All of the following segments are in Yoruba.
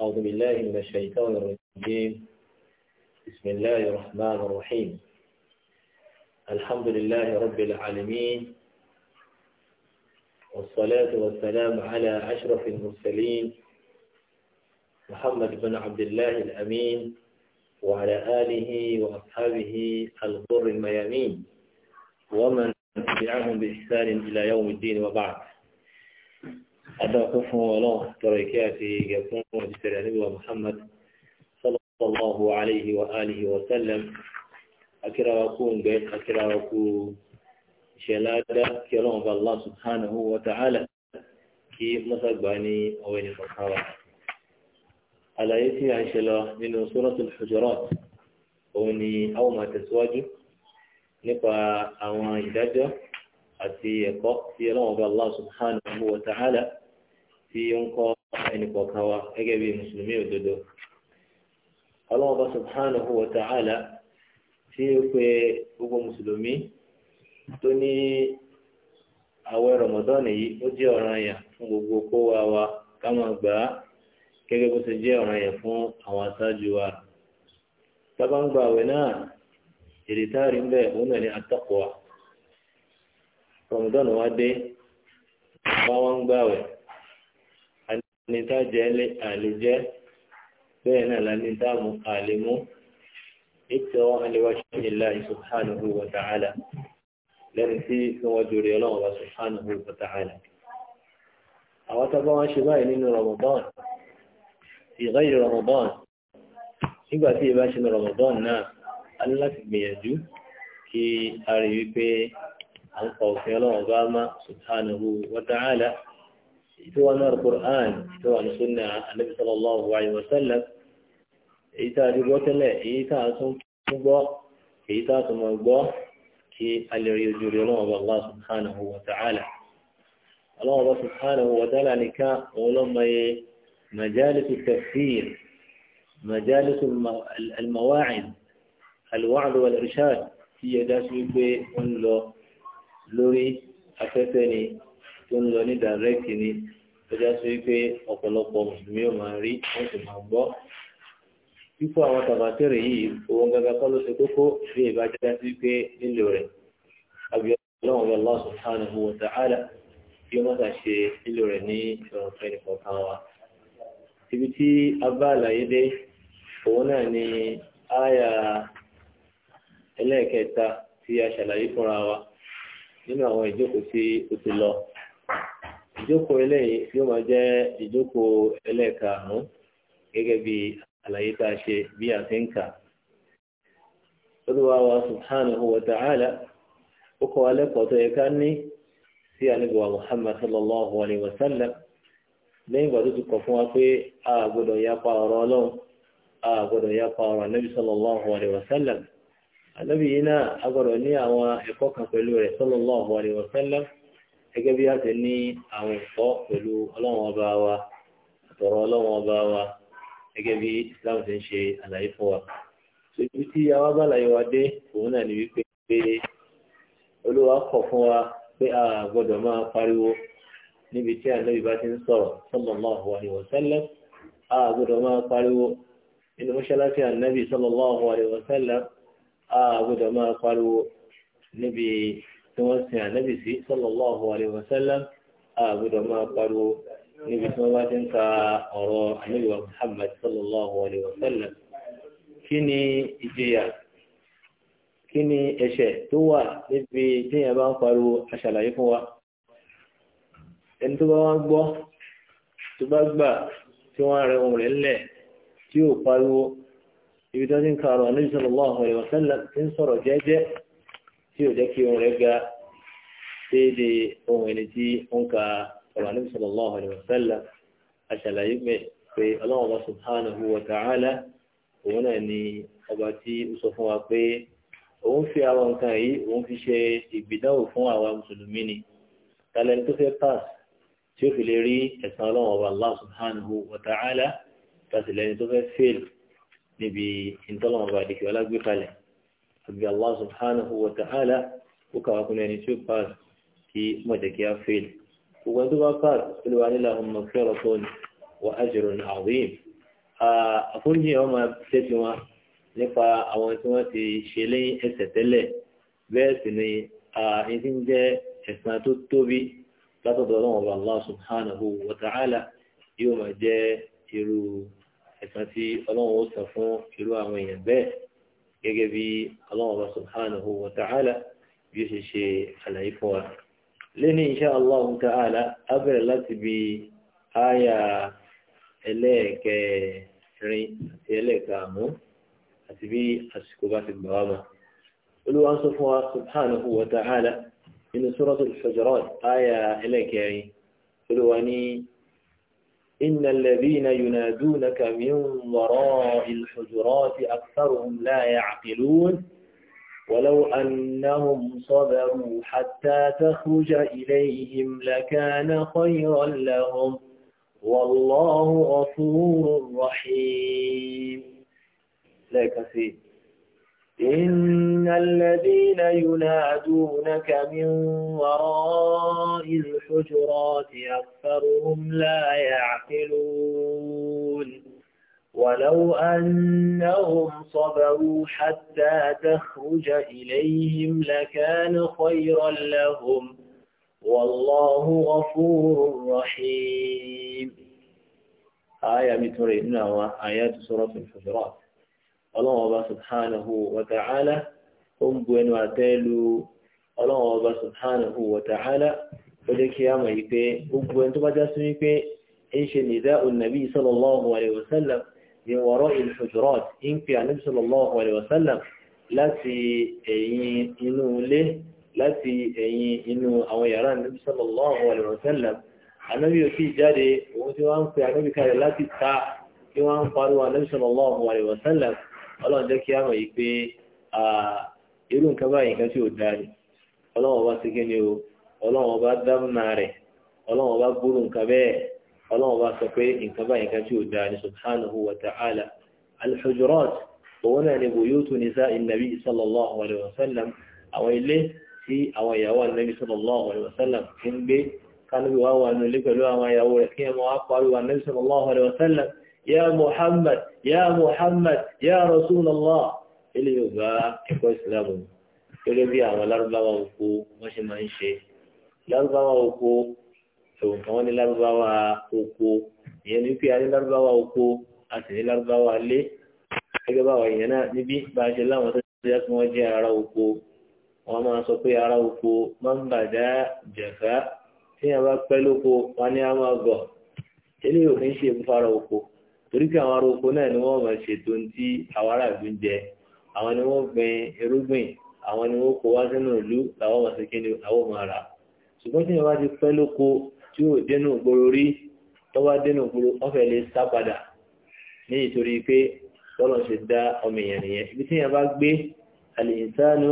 أعوذ بالله من الشيطان الرجيم بسم الله الرحمن الرحيم الحمد لله رب العالمين والصلاة والسلام على أشرف المرسلين محمد بن عبد الله الأمين وعلى آله وأصحابه الغر الميامين ومن تبعهم بإحسان إلى يوم الدين وبعد أدعو كفه وله تركاته جفون وجسر النبي محمد صلى الله عليه وآله وسلم أكرا وكون بيت أكرا وكون شلادة كلام الله سبحانه وتعالى كي مصباني أوين مصحرة على يتي عشلا من سورة الحجرات أوني أو ما تسواجه nípa àwọn ìdájọ́ àti ẹ̀kọ́ tí ọlọ́run bá Allah tí ó ń kọ́ ẹnìkọ̀ọ̀kan wa gẹ́gẹ́ bí mùsùlùmí òdodo ọlọ́wọ́ba subhanahu wa ta'ala tí ó pe gbogbo mùsùlùmí tó ní àwẹ̀ rọmọdọ́ọ̀nì yìí ó jẹ́ ọ̀ranyàn fún gbogbo kó wa wa ká máa gbà á gẹ́gẹ́ bó ṣe jẹ́ ọ̀ranyàn fún àwọn aṣáájú wa tábà ń gba àwẹ̀ náà táàrí ń bẹ̀ òun ní tá jẹ́ lé àlè jẹ́ bẹ́ẹ̀ náà lẹ́ni tá mú àlè mú ìtọ́ àlewáṣẹ́ ìlà subhanahu wa ta'ala lẹ́ni tí wọ́n jòrè ọlọ́run wa subhanahu wa ta'ala àwọn tó bá a rí wípé à ń pa bá má subhanahu wa èyí wà náà Qur'an èyí wà ní súnà Ànábì sallallahu alaihi wasallam èyí tá a ti gbọ́ tẹ́lẹ̀ èyí tá a tún gbọ́ èyí tá a tún mọ̀ gbọ́ kí a lè rí ojú rí ọlọ́wọ́ Allah subhanahu wa lórí afẹ́fẹ́ ni tó ń lọ ní dàrẹ́kì ni tọ́já sí wípé ọ̀pọ̀lọpọ̀ mùsùlùmí ò máa rí wọ́n sì máa gbọ́. fífọ́ àwọn tàbátẹ́rẹ̀ yìí òun gangan kọ́ ló ṣe kókó bí ìbájá sí wípé nílò rẹ̀ abiyọ́lọ́wọ́ bí Allah subhanahu wa ta'ala bí wọ́n tà ṣe nílò rẹ̀ ní ìrọ̀rùn fẹ́ni kọ̀ọ̀kan wa. ibi ni áyà ẹlẹ́ẹ̀kẹta tí a ṣàlàyé fúnra wa nínú àwọn ìjókòó tí ó ti lọ ìjókòó eléyìí yóò máa jẹ́ ìjókòó ẹlẹ́ẹ̀karùn-ún gẹ́gẹ́ bí àlàyé tá a ṣe bí a ti ń kà. olúwa wa subhanahu wa ta'ala ó kọ́ wa lẹ́kọ̀ọ́ tó yẹ ká ní sí ànábì muhammad sallallahu alayhi wa sallam lẹ́yìn ìgbà tó ti kọ̀ fún wa pé a gbọ́dọ̀ yapa ọ̀rọ̀ ọlọ́run a gbọ́dọ̀ yapa ọ̀rọ̀ ànábì sallallahu alayhi wa sallam ànábì yìí náà a gbọ́dọ̀ ní àwọn ẹ̀kọ́ kan pẹ̀lú rẹ̀ sallallahu alayhi wa sallam gẹ́gẹ́ bí a ti ní àwọn ẹ̀kọ́ pẹ̀lú ọlọ́run ọba wa àtọ̀rọ̀ ọlọ́run ọba wa gẹ́gẹ́ bí Islam ti ń ṣe àlàyé fún wa. ṣojú tí àwa bá àlàyé wa dé òun náà ni wípé pé olúwa kọ̀ fún wa pé a gbọ́dọ̀ máa pariwo níbi tí ànábì bá ti ń sọ̀rọ̀ sallallahu alaihi wa sallam a gbọ́dọ̀ máa pariwo nínú mọ́ṣáláṣí ànábì sallallahu alaihi wa sallam a gbọ́dọ̀ máa pariwo níbi tí wọ́n sin ànábì sí sallallahu alaihi wasallam àgbọ̀dọ̀ máa pariwo níbi tí wọ́n bá ti ń ka ọ̀rọ̀ ànábì wa Muhammad sallallahu alaihi wasallam kí ni ìjìyà kí ni ẹ̀ṣẹ̀ tó wà níbi tí yẹn bá ń pariwo aṣàlàyé fún wa ẹni tó bá wá gbọ́ tó bá gbà tí wọ́n rẹ ohun rẹ̀ lẹ̀ tí ó pariwo ibi tí wọ́n ti ń ka ọ̀rọ̀ ànábì sallallahu alaihi wasallam ti ń sọ̀rọ̀ jẹ́jẹ́ tí ò jẹ́ kí ohun rẹ̀ ga déédéé ohun ẹni tí ó ń ka ọ̀rọ̀ àníbi sallallahu alaihi wasallam àṣàlàyé mẹ́ pé ọlọ́run bá subhanahu wa ta'ala òun náà ni ọba tí ó sọ fún wa pé òun fi àwọn nǹkan yìí òun fi ṣe ìgbìdánwò fún àwa mùsùlùmí ni tàlẹ́ni tó fẹ́ pass tí ó fi lè rí ẹ̀san ọlọ́run ọba Allah subhanahu wa ta'ala tàṣìlẹ́ni tó fẹ́ fail níbi ìtọ́lọ́run àdìkẹ́ ọlágbé kalẹ̀ àbí Allah subhanahu wa ta'ala ó kàwá kún ẹni tí ó pass kí mọ̀jẹ̀kí á fail gbogbo ẹni tó bá pass olùwà nílà ọmọ fẹ́rọ̀ fún wa ajrun azim àfúnjì wọn máa tẹ́tí wọn nípa àwọn tí wọ́n ti ṣe lẹ́yìn ẹsẹ̀ tẹ́lẹ̀ bẹ́ẹ̀ sì ni ẹni tí ń jẹ́ ẹ̀san tó tóbi látọ̀dọ̀ ọlọ́run ọba Allah subhanahu wa ta'ala yóò máa jẹ́ irú ẹ̀san tí ọlọ́run ó sọ fún irú àwọn èèyàn bẹ́ẹ̀. يجبي الله سبحانه وتعالى بيشي شيء على إفوار لأن إن شاء الله تعالى أبر الله بي آية إليك إليك آمو أتبي أسكبات البغامة قلوا أن سبحانه وتعالى من سورة الحجرات آية إليك يعني قلوا أني إن الذين ينادونك من وراء الحجرات أكثرهم لا يعقلون ولو أنهم صبروا حتى تخرج إليهم لكان خيرا لهم والله غفور رحيم لا كثير إن الذين ينادونك من وراء الحجرات أكثرهم لا يعقلون ولو أنهم صبروا حتى تخرج إليهم لكان خيرا لهم والله غفور رحيم آية مترينها وآيات سورة الحجرات ọlọ́run ọba subhanahu wa ta'ala ó ń bu ẹnu àtẹ́ lu ọlọ́run ọba subhanahu wa ta'ala ó jẹ́ kí a mọ̀ yìí pé ó bu ẹni tó bá já sí wípé ń ṣe nìdá ònàbí sallallahu alayhi wa sallam min wara'i al-hujurat ń pè ànábì sallallahu alayhi wa sallam láti ẹ̀yìn inú ilé láti wọ́n ń pè ànábì ọlọ́run jẹ́ kí á mọ̀ yìí pé irú nǹkan báyìí nǹkan tí ò dáa ni ọlọ́run ọba ṣe kíni o ọlọ́run ọba dámúnà rẹ̀ ọlọ́run ọba gbúrú nǹkan bẹ́ẹ̀ ọlọ́run ọba sọ pé nǹkan báyìí nǹkan tí ò dáa ni subhanahu wa ta'ala al òun náà ni buyutu nisa'i nabi sallallahu alayhi wa sallam àwọn ilé tí àwọn ìyàwó anabi sallallahu alayhi wa sallam ń gbé kánú bí wà nílé pẹ̀lú àwọn ìyàwó rẹ̀ kí ẹ máa wá pariwo anabi sallallahu alayhi wa sallam يا محمد يا محمد يا رسول الله ilé yorùbá ẹ̀kọ́ ìsìlámù gẹ́gẹ́ bí àwọn lárúbáwá oko wọ́n ṣe máa ń ṣe lárúbáwá oko ẹ̀wọ̀n kan wọ́n ní lárúbáwá oko ìyẹn ní pé a ní lárúbáwá oko a sì ní lárúbáwá lé gẹ́gẹ́ báwa ìyẹn náà níbí bá a ṣe láwọn tó ṣe yá kí wọ́n jẹ́ ara oko wọ́n máa sọ pé ara oko máa ń bàjá jẹ̀fá tí yẹn bá pẹ́ lóko wọ́n ní á máa gọ̀ ilé yorùbá ń ṣe ìbúfara oko torí pé àwọn aróko náà ni wọ́n máa ṣètò tí àwọn aráàlú ń jẹ àwọn ni wọ́n gbin irúgbìn àwọn ni wọ́n kó wá sínú ìlú làwọn máa ṣe kí ni àwọn máa rà ṣùgbọ́n tí wọ́n ti pẹ́ lóko tí ò dénú gbòòrò rí tó bá dénú gbòòrò wọ́n fẹ́ lè sá padà ní ìtorí pé bọ́lọ̀ ṣe dá ọmọ èèyàn nìyẹn ibi tí yẹn bá gbé al-insanu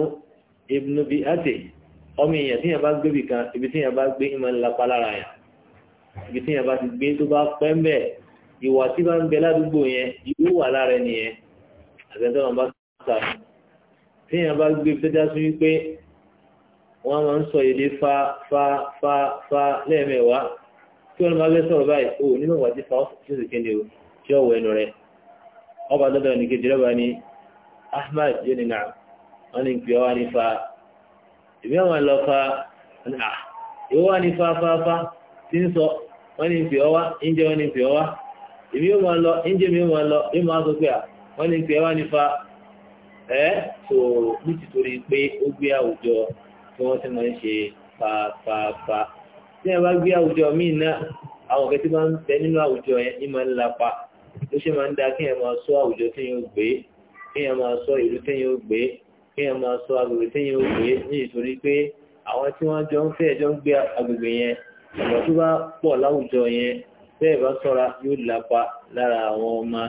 ibnu bi'ati ọmọ èèyàn tí yẹn bá gbé bìkan ibi tí yẹn bá gbé ìmọ̀ ńlá palára yẹn ibi tí yẹn bá ti gbé tó bá pẹ́ mbẹ́ẹ̀ ìwà tí bá ń bẹ ládùúgbò yẹn ìlú wà lára ẹni yẹn àtẹ̀tẹ̀ bá sà tí yẹn bá gbé fẹ́jà sí wípé wọ́n máa ń sọ èdè fa fa fa fa lẹ́ẹ̀mẹ́wàá tí wọ́n máa fẹ́ sọ̀rọ̀ báyìí o nínú ìwà tí fa ó sì kéde o tí ó ẹnu rẹ̀ ọba dọ́dọ̀ ní kejì ní Ahmad yóò ní nà pè ọ́ wá ní fa ìbí àwọn fa wá ní ah, fa fa fa èmi yóò máa lọ ẹ̀ńjẹ́ mi yóò máa lọ yóò máa sọ pé à wọ́n ní pé wá nífa ẹ̀ tó nítorí pé ó gbé àwùjọ tí wọ́n ti máa ń ṣe pàápàá tí ẹ bá gbé àwùjọ míì náà àwọn kẹtí máa ń bẹ nínú àwùjọ yẹn ní máa ń lapa ló ṣe máa ń da kéèyàn máa sọ àwùjọ téèyàn ó gbé kéèyàn máa sọ ìlú téèyàn ó gbé kéèyàn máa sọ agbègbè téèyàn ó gbé ní ìtorí pé àwọn tí wọ́n jọ ń fẹ́ jọ ń gbé agbègbè yẹn ọ̀pọ̀ tó bá pọ̀ láwùjọ yẹn bẹ́ẹ̀ bá ṣọ́ra yóò lapa lára àwọn ọmọ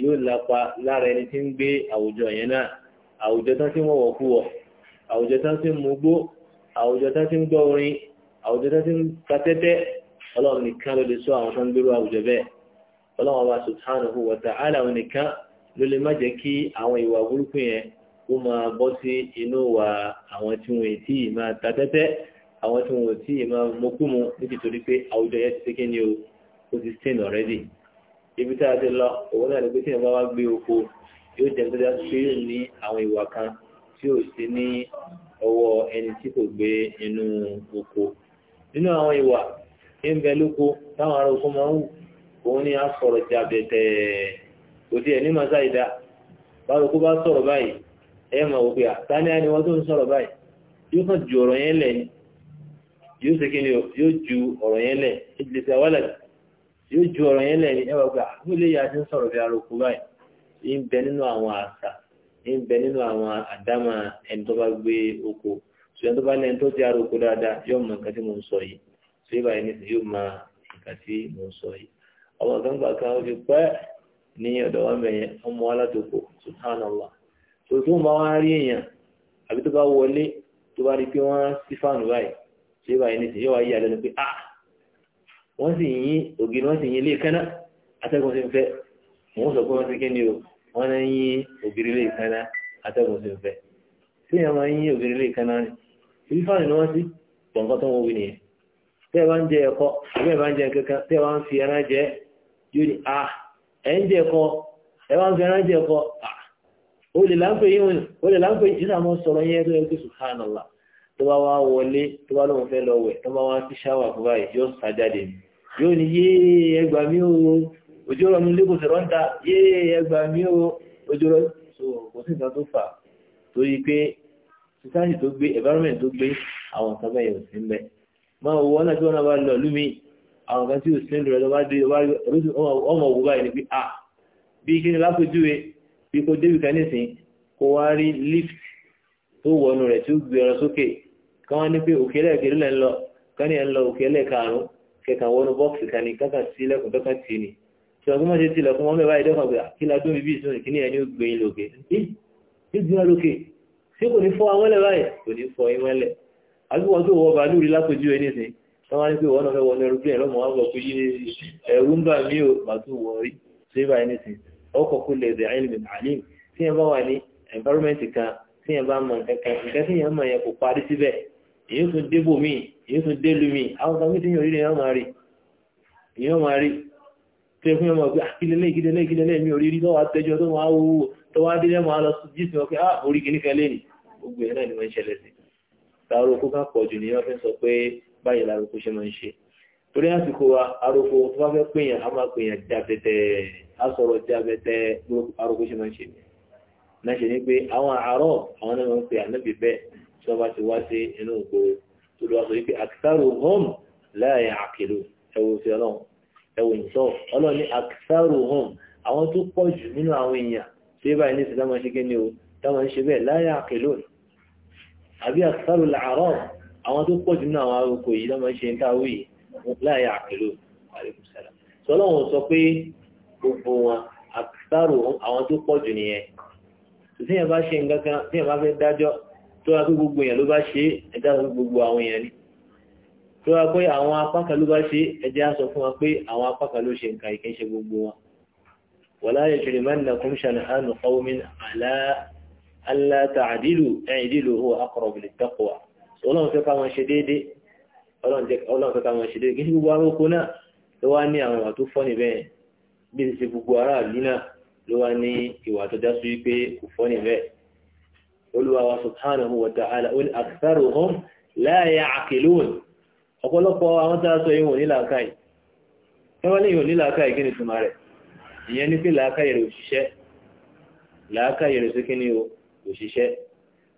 yóò lapa lára ẹni tí ń gbé àwùjọ yẹn náà àwùjọ tán tí wọ́n wọ̀kú wọ̀ àwùjọ tán tí ń mugbó àwùjọ tán tí ń gbọ́ orin àwùjọ tán tí ń katẹ́tẹ́ ọlọ́run nìkan ló lè sọ àwọn tán gbérú àwùjọ bẹ́ẹ̀ ọlọ́run wa subhanahu wa ta'ala àwọn nìkan ló lè má jẹ́ kí àwọn ìwà burúkú yẹn kó máa bọ́ sí inú wa àwọn tí wọ́n ti máa tatẹ́tẹ́ àwọn tí wọ́n ti máa mokú mu nítorí pé àwùjọ yẹn ti ṣe kí ni o ó ti stain already ibi tí a ti lọ òun náà ni pé tí ìyẹn bá wá gbé oko yóò jẹ́ pé dájú pé yóò ní àwọn ìwà kan tí ò sí ní ọwọ́ ẹni tí kò gbé inú oko nínú àwọn ìwà tí ń bẹ lóko táwọn ará oko máa ń wù òun ni a sọ̀rọ̀ jàbẹ̀tẹ̀ kò tiẹ̀ ní màsá ìdá báwo kó bá sọ̀rọ̀ báyìí ẹ mọ̀ wò pé àtàníà ni wọ́n tó ń sọ̀rọ̀ báyìí yóò kàn ju ọ̀rọ̀ yẹn lẹ̀ yóò ṣe kí ni yóò ju ọ̀rọ̀ yẹn lẹ̀ ìdílé yóò ju ọ̀rọ̀ yẹn lẹ́yìn ẹwà gbà wílé yà ti ń sọ̀rọ̀ bí aroko báyìí ń bẹ nínú àwọn àṣà ń bẹ nínú àwọn àdámà ẹni tó bá gbé oko ṣùgbọ́n tó bá lẹ́ni tó ti aroko dáadáa yóò mọ nǹkan tí mo ń sọ yìí ṣé báyìí nìsín yóò mọ nǹkan tí mo ń sọ yìí ọmọ kan gbà kan ó fi pẹ́ ní ọ̀dọ̀ wa mẹ́yẹn ọmọ alátòkò subhanallah tó tó ni pé ah, wọ́n sì yín ògiri wọ́n sì yín ilé kánná atẹ́gùn sì ń fẹ́ wọ́n sọ pé wọ́n ti o wọ́n náà yín ògiri ilé kánná atẹ́gùn sì ń fẹ́ sí ẹ̀ máa yín ògiri ilé kánná ni ibi fáwọn ni wọ́n sí gbọ̀ngàn tó ń wọ́wí nìyẹn tẹ́ ẹ bá ń jẹ ẹ̀kọ́ ń jẹ kankan tẹ́ ẹ bá ń fi jẹ yóò ní a ah, ẹ̀ ń jẹ ẹ̀kọ́ bá ń fi jẹ ẹ̀kọ́ ah, sísàmọ́ sọ̀rọ̀ yẹn tó yẹ subhanallah tó bá wá wọlé tó bá lóun fẹ́ lọ wẹ̀ tó bá wá sí ṣáwà fún báyìí yóò sá jáde yóò ní yéé ẹgbà mí o ojú ọ̀rọ̀ mi lébùn sọ̀rọ̀ ń ta yéé ẹgbà mí o ojú ọ̀rọ̀ so kò sí nǹkan tó fà torí pé society tó gbé environment tó gbé àwọn nǹkan bẹ́ẹ̀ yóò sí ń bẹ́ẹ̀ máa wọ ọ́nà tí wọ́n náà bá lọ lómi àwọn kan tí ò sí ń lọ bá dé ọmọ òwú báyìí ni pé ah bí kí ni lápèjúwe bí kò débi kan nísìn kó wá rí lift tó wọnú rẹ̀ tí ó gbé ọ̀rọ̀ sókè kan wá ní pé òkè lẹ́ẹ̀kẹ́rú lẹ́ ń lọ kan ní ẹ̀ ń lọ òkè lẹ́ẹ̀karùn kẹkàn wọnú bọ́ọ̀sì kan ní kankan sí ilẹ̀kùn kankan tì ní ṣùgbọ́n mọ́ ṣe ti lẹ̀kùn wọn mẹ́wàá ìdọ́kàn pé kí la dóbi bíi sóni ni ẹni ó gbé yín lókè ní gbé wọn lókè ṣé kò ní fọ àwọn ẹlẹ́ báyìí kò ní fọ yín mọ́lẹ̀ àbí wọn tó wọ bàálù rí lápòjú ẹni sìn wọn wá ní pé wọn náà wọnú ẹrúgbìn lọ́mọ wọn bọ̀ pé yí ẹ̀rú ń bà mí o wọ rí ṣé báyìí ní sìn ọkọ̀ kó lè dẹ̀ ẹ̀yìn mìíràn tí yẹn bá wà ní environment kan tí yẹn bá mọ nǹkan kan nǹkan tí yẹn mọ yẹn kò parí síbẹ̀ èyí tún débò míì èyí tún délu míì àwọn kan mítí yòrí èyàn máa rí èyàn máa rí tó yẹ fún yọmọ pé kílélé kílélé kílélé mi ò rí tó wá tẹjọ tó máa wúwo tó wá máa lọ sí á ah, orí kìíní gbogbo ẹ̀ náà ni wọ́n ń ṣẹlẹ̀ sí kó ká pọ̀ jù sọ pé báyìí lárúkú ṣe máa ń ṣe torí àsìkò wa tó bá fẹ́ pèèyàn a máa pèèyàn tí wọ́n bá ti wá sí inú ìgboro tó lọ́wọ́ sọ wípé àkísàrò home láàyè àkèlò ẹ̀wò sí ọlọ́run ẹ̀wò ìṣọ́ ọlọ́run ní àkísàrò home àwọn tó pọ̀ jù nínú àwọn èèyàn tí ó báyìí ní ìsìn dámọ̀ ṣe kí ni o dámọ̀ ń ṣe bẹ́ẹ̀ láyé àkèlò àbí àkísàrò làárọ̀ àwọn tó pọ̀ jù nínú àwọn arúgbó yìí dámọ̀ ṣe ń táwé láyé àkèlò sọlọ́run sọ pé gbogbo wọn àkísàrò àwọn tó pọ̀ jù nìyẹn tí yẹn bá ṣe nǹkan kan tí bá fẹ́ dájọ́ tó wá pé gbogbo èèyàn ló bá ṣe ẹ̀dá sọ fún gbogbo àwọn èèyàn ni tó wá pé àwọn apákan ló bá ṣe ẹ̀dá sọ fún wa pé àwọn apákan ló ṣe nǹkan ìkẹ́ ṣe gbogbo wọn. wala yajrimannakum shana'anu qawmin ala alla ta'dilu i'dilu huwa aqrabu lit-taqwa ọlọ́run fẹ́ káwọn ṣe déédéé ọlọ́run fẹ́ káwọn ṣe déédéé kí gbogbo aróko náà ló wá ní àwọn ìwà ló wá ní ìwà tó dá sí wípé kò fọ́ni bẹ́ẹ̀ olúwa wa subhanahu wa ta'ala ó ní aktharuhum la ya'qilun ọ̀pọ̀lọpọ̀ àwọn tá a sọ yìí wọ́n ní làákàyè ẹwọ́n ní ìwọ̀n ní làákàyè kí ni tùmọ̀ rẹ̀ ìyẹn ní pé làákàyè rẹ̀ òṣìṣẹ́ làákàyè rẹ̀ sí kí ni òṣìṣẹ́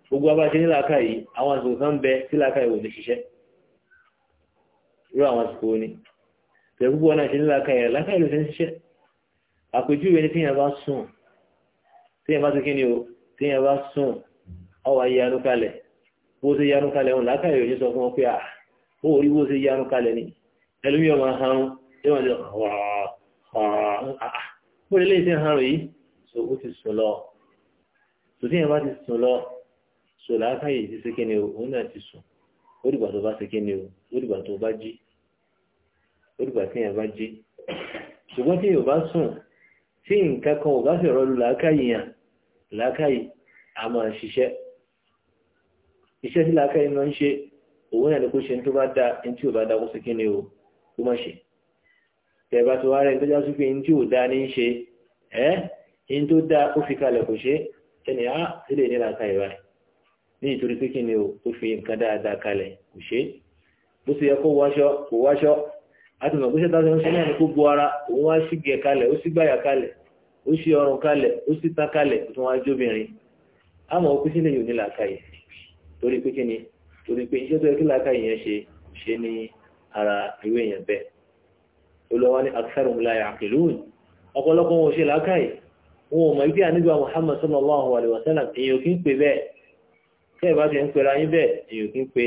gbogbo abá ṣe ní làákàyè àwọn àsìkò kan bẹ sí làákàyè ò ní ṣiṣẹ́ irú àwọn àsìkò bá sùn ọwọ́ yanu kalẹ̀ bó ṣe yanu kalẹ̀ wọn làákàyè òye sọ fún wọn pé à ah, ó rí bó ṣe yanu kalẹ̀ ni ẹlòmíì ọmọ ahọ́n ẹ wọn lè wàá bó lè ṣe ahọ́n yìí so ó ti sùn lọ tòtí yẹn bá ti sùn lọ so làákàyè ti ṣe kíni o òun náà ti sùn ó dìgbà tó bá ṣe kíni o ó dìgbà tó bá jí tí yẹn bá jí ṣùgbọ́n tí yóò bá sùn tí nǹkan kan ò bá fẹ̀rọ̀ lu làákàyè yẹn làákàyè a máa ṣiṣẹ́ iṣẹ́ tí làákà yìí máa ń ṣe òun náà ni kó ṣe ní tó bá dáa ní tí ò bá dáa kó ṣe kí ni o kó má ṣe tẹ̀bá tó wá rẹ̀ ní tó sí pé ní tí ò dáa ní ṣe ẹ́ ní tó dáa ó fi kalẹ̀ kò ṣe ẹni á sílẹ̀ ní làákà yìí báyìí ní ìtorí pé kí ni o tó fi nǹkan dáadáa kalẹ̀ kò ṣe bó ṣe yẹ kó wáṣọ kò wáṣọ àtùmọ̀ pé ṣẹ́ta ṣe náà ni kó bu ara òun wá sí gẹ̀ kalẹ̀ ó sì gbàyà kalẹ̀ ó sì ọrùn kalẹ̀ ó sì tán kalẹ̀ tó wá jóbìnrin àmọ́ ó kú sílẹ̀ yóò ní làákà torí pé kíni torí pé iṣẹ́ tó yẹ kí làákà yẹn ṣe ṣe ní ara ìwé yẹn bẹ́ẹ̀ olùwà ní aksarum la yaqilun ọ̀pọ̀lọpọ̀ wọn ò ṣe làákà yìí wọn ò mọ̀ ibi ànígbà Muhammad sallallahu alaihi wa sallam èèyàn kì í pè bẹ́ẹ̀ tẹ́ ẹ̀ ti ń pera yín bẹ́ẹ̀ èèyàn kì í pe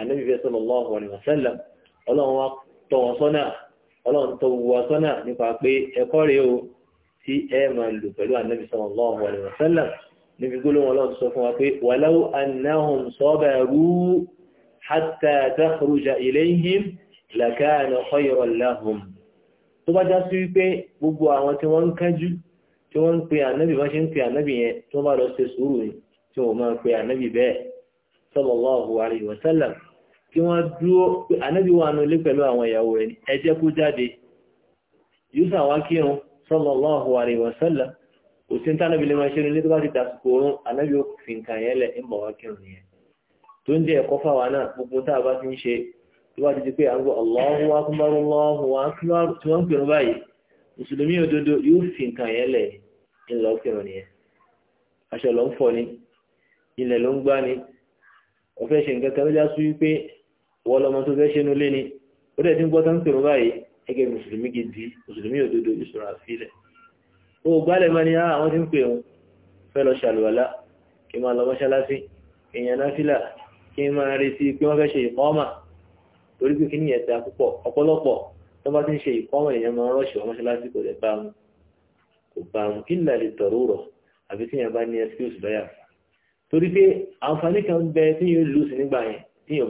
àníbìbẹ́ sallallahu alaihi wa sallam ọlọ́run wa tọ̀ wọ́n sọ́nà ọlọ́run tó wù wá sọ́nà nípa pé ẹ̀kọ́ rèé o tí sallallahu alaihi wa níbi gbólóhùn ọlọ́run sọ fún wa pé wàláwù anáhùn sọ́bẹ̀rú hátà dákùrújà iléyìn làkàánà ọ̀yọ̀rọ̀ láhùn tó bá já sí wípé gbogbo àwọn tí wọ́n ń kánjú tí wọ́n ń pe ànábì bá ṣe ń pe ànábì yẹn tó bá lọ ṣe sùúrù ni tí wọ́n máa pe ànábì bẹ́ẹ̀ sallallahu alaihi kí wọ́n dúró pé ànábì wà nù lé pẹ̀lú àwọn ìyàwó rẹ̀ ẹ jẹ́ jáde yusuf àwọn akírun kò sí nítorí anábì lè máa ṣe ní tó bá ti dàsìkò oorun anábì ó fi nǹkan yẹn lẹ̀ ń bọ̀ wá kírun yẹn tó ń jẹ́ ẹ̀kọ́ fáwa náà gbogbo tá a bá ti ń ṣe tó bá ti di pé à ń gbọ́ Allahu akbar Allahu akbar tí wọ́n ń pèrún báyìí mùsùlùmí òdodo yóò fi nǹkan yẹn lẹ̀ ń lọ kírun yẹn aṣọ ló ń fọ ni ilẹ̀ ló ń gbá ni ọ̀fẹ́ ṣe nǹkan kan ló já sí wípé wọ́n lọ́mọ tó fẹ́ ṣẹ́nu lé ni ó dẹ̀ ti ń gbọ́ tán pèrún báyìí gẹ́gẹ́ mùsùlùmí gidi mùsùlùmí òdodo yóò sọ̀rọ̀ àfilẹ̀ o gbálẹ̀ mọ́ ni àwọn ah, tí ń pè wọn fẹ́ lọ ṣàlùwàlá kí máa lọ mọ́ṣáláṣí èèyàn náfìlà kí máa retí pé wọ́n fẹ́ ṣe ìkọ́mà torí pé kí ní ẹ̀dá púpọ̀ ọ̀pọ̀lọpọ̀ tó bá ti ń ṣe ìkọ́mà èèyàn máa rọ́ọ̀ṣì wọn mọ́ṣáláṣí kò lẹ̀ bá wọn kò bá wọn kí nìlà lè tọ̀rọ̀ rọ̀ àbí tí yẹn bá ní excuse lọ́yà torí pé àǹfààní kan bẹ tí yóò lù sí nígbà yẹn tí yóò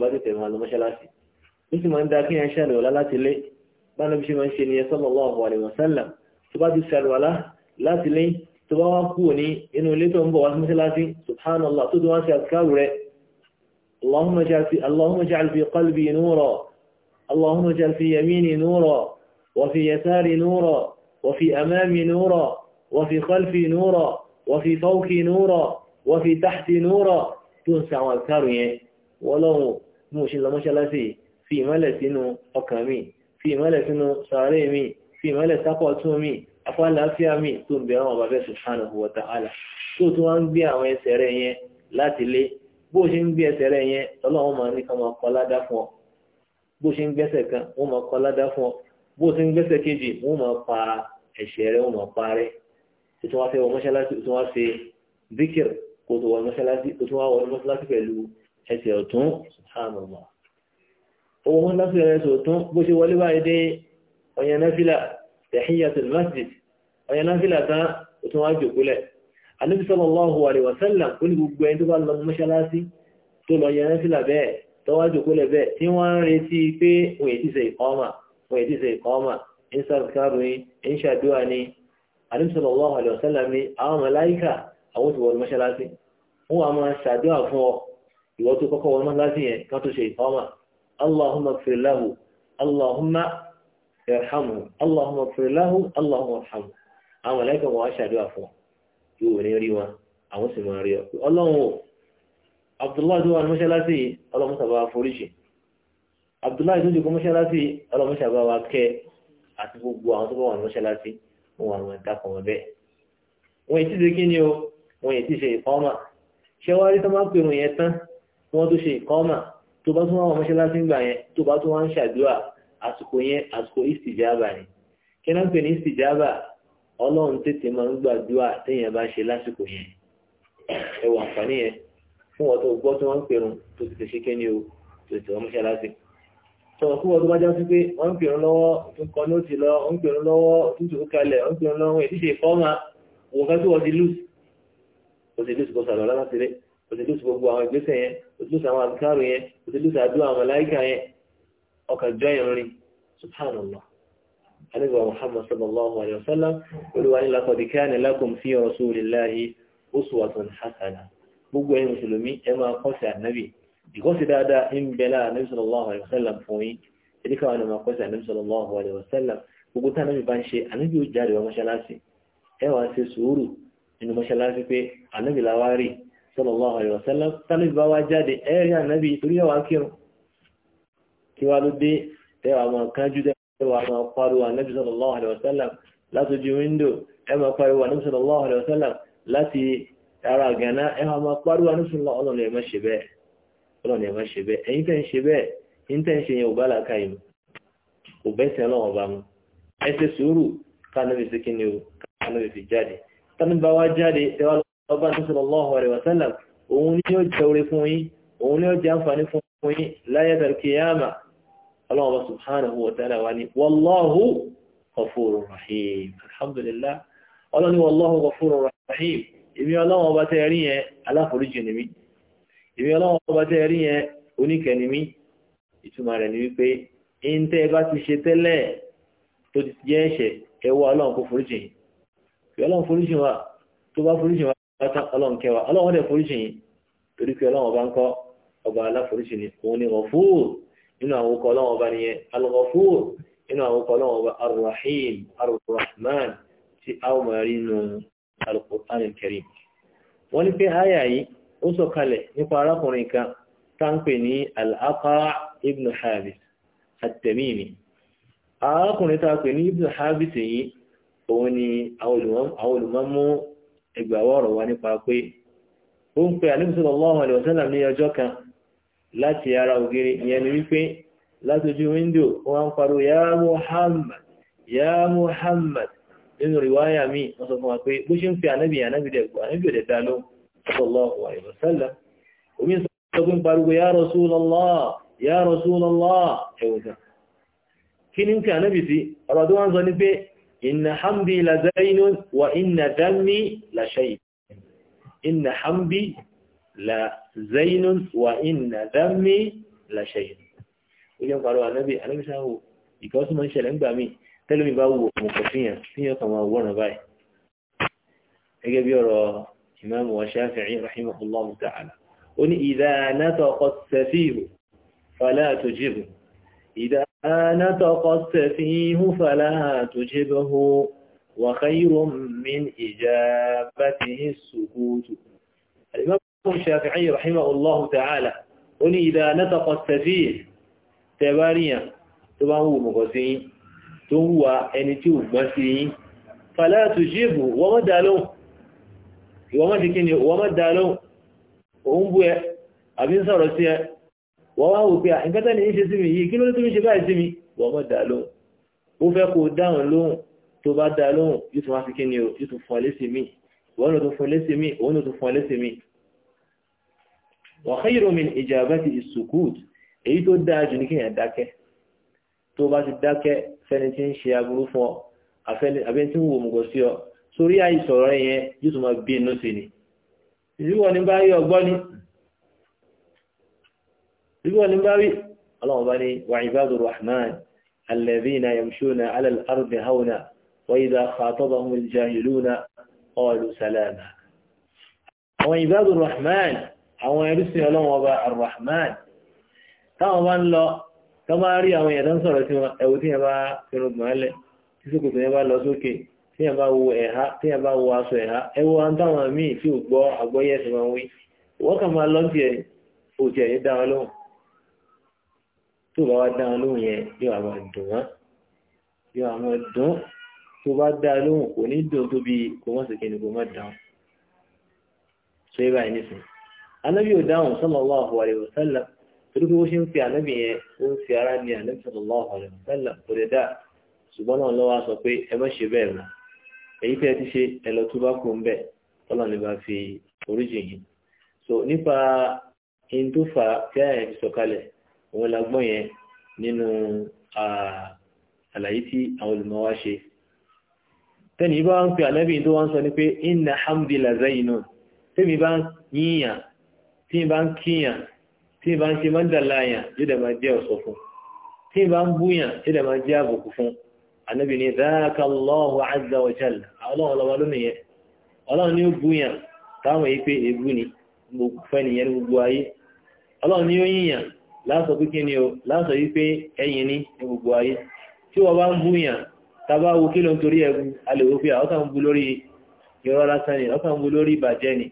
tó bá ti ṣàlùwàlá láti lé tó bá wá kúrò ní inú ilé tó ń bọ̀ اللهم sí mọ́ṣáláṣí اللهم اجعل في قلبي نورا اللهم اجعل في يميني نورا وفي يساري نورا وفي أمامي نورا وفي خلفي نورا وفي فوقي نورا وفي تحتي نورا تنسى والكارو ولو موشي الله مشلسي في ملس إنه أكامي في ملس إنه ساريمي في ملس أقوى تومي afáàláfíà mi tó ń bẹ̀rẹ̀ wọn bá fẹ́ subhanahu wa ta'ala tó tún wá ń gbé àwọn ẹsẹ̀ rẹ̀ yẹn láti lé bó ṣe ń gbé ẹsẹ̀ rẹ̀ yẹn ọlọ́run máa ní ká máa kọ́ ládá fún ọ bó ṣe ń gbẹ́sẹ̀ kan wọ́n máa kọ́ ládá fún ọ bó ṣe ń gbẹ́sẹ̀ kejì wọ́n máa pa ẹ̀ṣẹ̀ rẹ̀ wọ́n máa pa rẹ̀ fẹ́ wọ mọ́ṣáláṣí tó tún tahiyatul masjid ọ̀yẹ́ náfílà tán ó tún wá jòkúlẹ̀ Ànábì sallallahu alaihi wasallam ó ní gbogbo ẹni tó bá lọ mọ́ṣáláṣí tó lọ yẹ náfílà bẹ́ẹ̀ tó wá jòkúlẹ̀ bẹ́ẹ̀ tí wọ́n ń retí pé wọ́n èyí ti ṣe ìkọ́mà wọ́n èyí ti ṣe ìkọ́mà ń sàkárò ní ń ṣàdúrà ní Ànábì sallallahu alaihi wasallam ní lahu Allahumma ẹ̀hámù aláhùn ọ̀fẹ́láhù aláhùn ọ̀hámù àwọn ẹ̀lẹ́kọ̀ wọn aṣàdúrà fún yóò wọ́n rí wọn àwọn sì máa rí ọ pé ọlọ́run o abdullahi tó wà ní mọ́ṣáláṣí ọlọ́run sábà foríṣì abdullahi tó dìkọ́ mọ́ṣáláṣí ọlọ́run sábà wa kẹ́ àti gbogbo àwọn tó bá wà ní mọ́ṣáláṣí wọn wà wọn dákọ̀ wọn bẹ́ẹ̀ wọn yìí ti kí o wọn yìí ti ṣe ìkọ́mà ṣẹ́wárí tó máa pèrò yẹn tán wọn tó ṣe ìkọ́mà tó bá tún wà wọn gbà yẹn tó bá tún wà ń ṣàdúrà àsìkò yẹn àsìkò ìsìjàbà ni kí náà pè ní ìsìjàbà ọlọ́run tètè máa ń gbàdúrà téèyàn bá ṣe lásìkò yẹn ẹ wọ àǹfààní yẹn fún ọ̀tọ̀ gbọ́ tí wọ́n ń pèrún tó ti tẹ̀sí kẹ́ni o tó ti wọ́n mú ṣáláṣí sọ̀rọ̀ fún ọdún bá já sí pé wọ́n ń pèrún lọ́wọ́ tún kan ló ti lọ ó ń pèrún lọ́wọ́ tún tún kalẹ̀ ó ń pèrún lọ́wọ́ ìdíje fọ́ọ̀mà òun kan tí wọ́n ti lùs ó ti lùs bọ́sà lọ́lá láti rẹ̀ ó ti lùs ti lùs ọkàn jọ ìrìn subhanallah anigba muhammad sallallahu alayhi wa sallam olúwa ní laqad kana lakum fi rasulillahi uswatun hasanah gbogbo ẹ̀yin mùsùlùmí ẹ máa kọ́sí ànábì ìkọ́sí dáadáa ń bẹ lára ànábì sallallahu alayhi wa sallam fún yín ẹni káwọn ọmọ kọ́sí ànábì sallallahu alayhi wa sallam gbogbo tí ànábì bá ń ṣe ànábì ó jáde wá mọ́ṣáláṣí ẹ wàá ṣe sùúrù nínú mọ́ṣáláṣí pé ànábì làwárí sallallahu alayhi wa sallam tánàbì kí wá ló dé tẹ́wà mọ̀ kánjú tẹ́wà mọ̀ pariwo ànábì sallallahu alaihi wasallam látòjú wíńdò ẹ mọ̀ pariwo ànábì sallallahu alaihi wasallam láti ara gànà ẹ mọ̀ pariwo ànábì sallallahu ọlọ́run ẹ̀ má ṣe bẹ́ẹ̀ ọlọ́run ẹ̀ má ṣe bẹ́ẹ̀ ẹ̀yin tẹ́ ń ṣe bẹ́ẹ̀ ẹ̀yin tẹ́ ń ṣe yẹn ò bá làákà yìí kò bẹ́sẹ̀ ọlọ́run ọba mu ẹ ṣe sùúrù kánàbì sí kíni o kánàbì fi jáde kánàbì bá wá jáde tẹ́wà lọ́ba ànábì sallallahu alaihi Allah subhanahu wa ta'ala wa ni wallahu ghafurur rahim alhamdulillah Allah ni wallahu ghafurur rahim èmi ọlọ́wọ́ ọba tẹ́ rí yẹn aláforíjì ni mí èmi ọlọ́wọ́ ọba tẹ́ rí yẹn oníkẹ́ ni mí ìtumọ̀ rẹ̀ ni wípé in tẹ́ bá ti ṣe tẹ́lẹ̀ tó ti jẹ́ ẹ̀ṣẹ̀ ẹwọ́ ọlọ́run kó foríjì nínú àwọn orúkọ ọlọ́run ọba nìyẹn al-Ghafur nínú àwọn orúkọ ọlọ́run ọba ar-Rahim ar-Rahman tí a ó máa rí nínú al-Qur'an al-Karim wọ́n ní pé àyà yìí ó sọ̀kalẹ̀ nípa arákùnrin kan táǹpè ní ń pe ní láti ara ògiri ìyẹn ni wípé látojú windo wọ́n ń parò ya Muhammad ya Muhammad nínú riwaya mi wọ́n sọ fún wa pé bó ṣe ń fi ànábì ànábì dẹ̀gbọ́ ànábì òdẹ̀ dá lóhùn sallallahu alaihi wasallam omi sọ pé ń parò ya Rasulallah ya Rasulallah ẹ̀wọ̀n kí ní ń fi ànábì sí inna hamdi la zainun wa inna dammi la shay inna hamdi la zainun wa inna dhammi la shay'un ojo paro anabi anabi sa wo because mo ṣẹlẹ̀ ngba mi tẹ́lẹ̀ mi bá wo mo ko fiyan fiyan kan ma wo na báyìí gẹ́gẹ́ bí ọ̀rọ̀ imam wa shafi'i rahimahullahu ta'ala oni idha nataqa as-safihu fala tujibhu idha nataqa as-safihu fala tujibhu wa khayrun min ijabatihi as-sukut الإمام Shafi'i rahimahullahu ta'ala ó ní idha nataqa as-safih tẹ̀báríyàn tó bá ń wù mọ̀kọ̀ sí yín tó ń wà ẹni tí ò gbọ́n sí yín fala tujibu wọ́n mọ́ dá lóhùn ìwọ́n mọ́ ti kí ni wọ́n mọ́ dá lóhùn òun bú ẹ àbí ń sọ̀rọ̀ sí ẹ wọ́n wá wò pé àìkátà ah, ní ṣe sí mi yìí kí ló tó ń ṣe báyìí sí mi wọ́n mọ́ dá lóhùn ó fẹ́ kó dáhùn lóhùn tó bá dá lóhùn yóò tún wá sí kí ni o yóò tún fún ọ lẹ́sìn mi wọ́n ló tún fún ọ lẹ́sìn mi òun ló tún fún ọ lẹ́sìn mi wa khayru min ijabati is-sukut èyí tó dáa jù ní kéèyàn dákẹ́ tó bá ti dákẹ́ fẹ́ni tí ń ṣe aburú fún ọ àbẹ́ni tí ń wò mùgọ̀ sí ọ sórí àìsọ̀rọ̀ yẹn yóò tún máa bí inú sí ni ìdíwọ̀ ní bá rí ọgbọ́n ni ìdíwọ̀ ní bá rí ọlọ́run bá ní wa rahman alladhina àwọn ẹrúsìn ọlọ́run ọba arrahman táwọn bá ń lọ tó bá rí àwọn èèyàn tó ń sọ̀rọ̀ sí wọn ẹ̀wù tí yẹn bá fi rògbòn ẹlẹ̀ tí sókòtò yẹn bá lọ sókè tí yẹn bá wo ẹ̀há tí yẹn bá wo aṣọ ẹ̀há ẹwọ táwọn míì tí ò gbọ́ àgbọ́yé ẹ̀sìn máa ń wí wọ́n kàn máa lọ sí ẹ̀ òtí ẹ̀yẹ dá wọn lóhùn tó bá wá dá lóhùn yẹn yóò àwọn dùn wọn yóò àwọn dùn tó bá dá lóhùn kò ní dùn tó kò mọ̀ sí kí ni kò mọ̀ dáhùn ṣé báyìí nísìnyí anábì ò dáhùn sallallahu alaihi wasallam torí pé ó ṣe ń fi anábì yẹn ó ń fi ara ní anábì sallallahu alaihi wasallam kò lè dá ṣùgbọ́n náà lọ́wọ́ sọ pé ẹ má ṣe bẹ́ẹ̀ mọ́ èyí tẹ́ ti ṣe ẹ lọ tó bá kú ń bẹ̀ tọ́lọ́ ní bá fi oríjì yìí so nípa in tó fà tí àyà fi sọ̀kalẹ̀ òun la gbọ́n yẹn nínú àlàyé tí àwọn olùmọ̀ wá ṣe tẹ́ni bá ń pe anábì tó wá ń sọ ní pé inna hamdi la tẹ́mi bá ń yíyàn tí n bá ń kíyàn tí n bá ń ṣe máa ń dàlá yàn yóò dẹ̀ máa jẹ́ ọ̀sọ̀ fún tí bá ń búyàn yóò dẹ̀ máa jẹ́ àbùkù fún ànábì ní dáàkà Allahu azza wa jalla àwọn ọlọ́wọ́ lónìí yẹn ni gbogbo fẹ́ nìyẹn gbogbo ayé ọlọ́run ní ni o láàsọ yìí pé ẹ̀yìn ní gbogbo ayé tí wọ́n bá ń búyàn tábà wo kí ló ń torí ẹ̀bù alèwò pé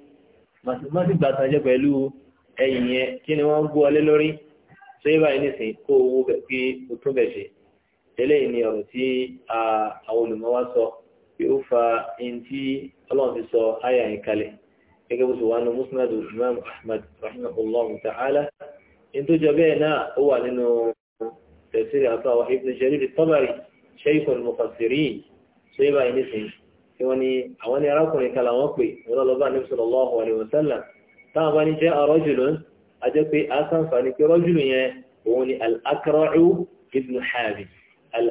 má sì gbàtàn jẹ́ pẹ̀lú ẹ̀yìn yẹn kí ni wọ́n gbó ọlé lórí tó yẹ báyìí nìsín kó owó pé o tún bẹ̀ ṣe eléyìí ni ọ̀rọ̀ tí àwọn olùmọ̀ wa sọ pé ó fa ẹni tí ọlọ́run ti sọ àyà yìí kalẹ̀ gẹ́gẹ́ bó ṣe wà nínú musnad imam ahmad rahimahullahu ta'ala in tó jọ bẹ́ẹ̀ náà ó wà nínú tafsir jarir at-tabari shaykhul mufassirin tó yẹ báyìí tí wọ́n ní àwọn ní arákùnrin kan làwọn pè wọ́n lọ́ba ní sallallahu alaihi wasallam táwọn bá ní jẹ́ rajulun a jẹ́ pé a sànfà ní pé rajulun yẹn òun ni al-Akra'u ibn Habis al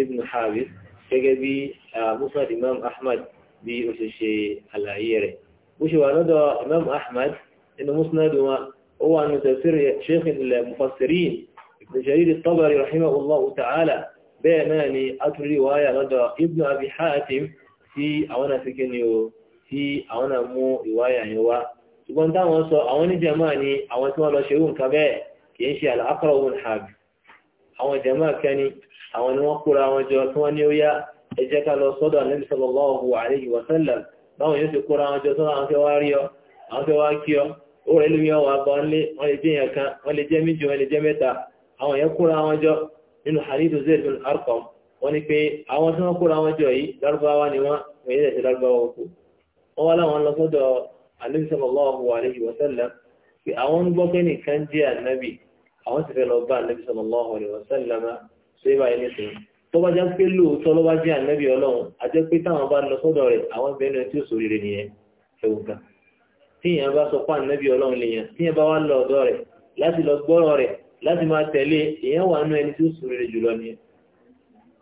ibn Habis gẹ́gẹ́ bí musnad imam ahmad bí ó ṣe ṣe àlàyé rẹ̀ bó ṣe wà lọ́dọ̀ imam ahmad inú musnad wa ó wà ní tafsir shaykh al-mufassirin ibn jarir tabari rahimahullahu ta'ala bẹ́ẹ̀ náà ni a tún rí wáyà lọ́dọ̀ ibn abi hatim tí àwọn náà fíkẹ́ ni o tí àwọn náà mú ìwáyà yẹn wá ṣùgbọ́n táwọn sọ àwọn oníjàmá ni àwọn tí wọ́n lọ ṣerú nǹkan bẹ́ẹ̀ kì í ṣe àlàáfàrà òun hàbì àwọn jàmá kẹni àwọn ni wọ́n kóra wọn jọ tí wọ́n ní ó yá ẹ jẹ́ ká lọ sọ́dọ̀ ànábì sallallahu alaihi wa sallam báwọn yóò ti kóra nínú hadith zayd bin arqam wọ́n ní pé àwọn tí wọ́n kóra wọn jọ yìí lárúbáwá ni wọ́n wọ́n yẹ́ ẹ̀sẹ̀ lárúbáwá kú wọ́n wá láwọn lọ́sọ́dọ̀ ànábì sallallahu alayhi wa sallam pé àwọn ń gbọ́ pé nìkan jẹ́ ànábì àwọn sì fẹ́ lọ bá ànábì sallallahu alayhi wa sallam ṣé báyìí nìkan tó bá já pé lóòótọ́ ló bá jẹ́ ànábì ọlọ́run àjẹ́ pé táwọn bá láti máa tẹ̀lé èèyàn wà nú ẹni tí ó sùúrù jùlọ ni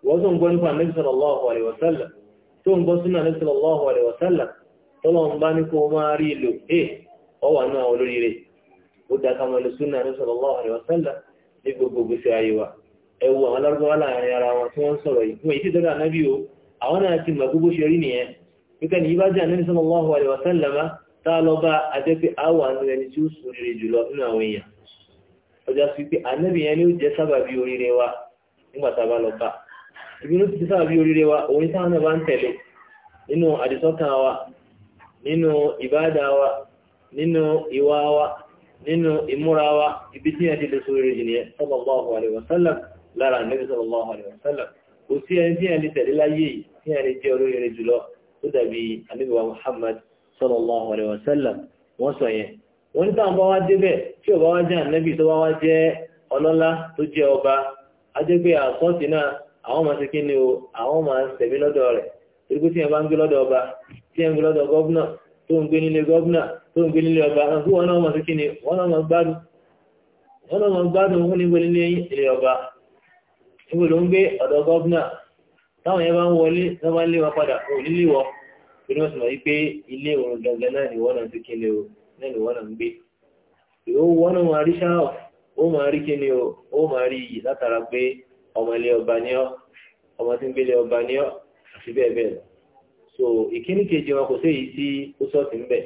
wọ́n tó ń gbọ́ nípa Ànábì sallallahu alaihi wa sallam tó ń gbọ́ sínú Ànábì sallallahu alaihi wa sallam tọ́lọ̀ ń bá ní kó máa rí ìlò ẹ̀ ọ wà nú àwọn olóríire ó dá ká máa lọ sínú Ànábì sallallahu alaihi wa sallam ní gbogbo gbèsè ayé wa ẹ wo àwọn alárúbáwá láàrin ara wọn tí wọ́n sọ̀rọ̀ yìí fún èyí tí dọ́dọ̀ Ànábì o àwọn náà ti mọ̀ gbogbo ṣe rí nìyẹn pípẹ́ ní ibà jẹ́ Ànábì sallallahu alaihi wa sallam tá a lọ bá a jẹ́ àwọn ẹni tí ó sùn rere jùlọ nínú àwọn èèyàn ọjà sí pé ànábì yẹn ni ó jẹ́ sábàbí oríire wa nígbà tá a bá lọ bá ìbínú ti sábàbí oríire wa òun táwọn náà bá ń tẹ̀lé nínú àdìsọ́kàn wa nínú ìbáàdà wa nínú ìwà wa nínú ìmúra wa ibi tí a ti lè so rere jìnnìyàn sallallahu alaihi wasallam lára ànábì sallallahu alaihi wasallam kò sí ẹni tí a lè tẹ̀lé láyé yìí tí a lè jẹ́ olóyèrè jùlọ ó dàbí ànábì wa Muhammad sallallahu alaihi wasallam wọ́n sọ yẹn wọ́n ní táwọn bá wá débẹ̀ tí ọba wá jẹ́ ànábì tó bá wá jẹ́ ọlọ́lá tó jẹ́ ọba ajẹ́gbé àkọ́ọ̀tì náà àwọn máa ṣe kí ni o àwọn máa ṣẹ̀mí lọ́dọ̀ rẹ̀ torí pé tí yẹn bá ń gbé lọ́dọ̀ ọba tí yẹn ń gbé lọ́dọ̀ gọ́vnà tó ń gbé nílé gọ́vnà tó ń gbé nílé ọba wọ́n náà máa ni wọ́n náà máa gbádùn wọ́n náà máa gbádùn wọ́n ní gbé nílé ilé ọba níbo ló ń gbé ọ̀dọ̀ gọ́vnà táwọn yẹn bá lẹ́nu wọn náà ń gbé ìwọ wọn náà máa rí ni o ó máa rí iyì látara pé ọmọ ilé ọba ọ ọmọ tí ń ọ àti bẹ́ẹ̀ bẹ́ẹ̀ lọ so ìkíní kejì wọn kò sí èyí tí ó sọ́ọ̀tì ń bẹ̀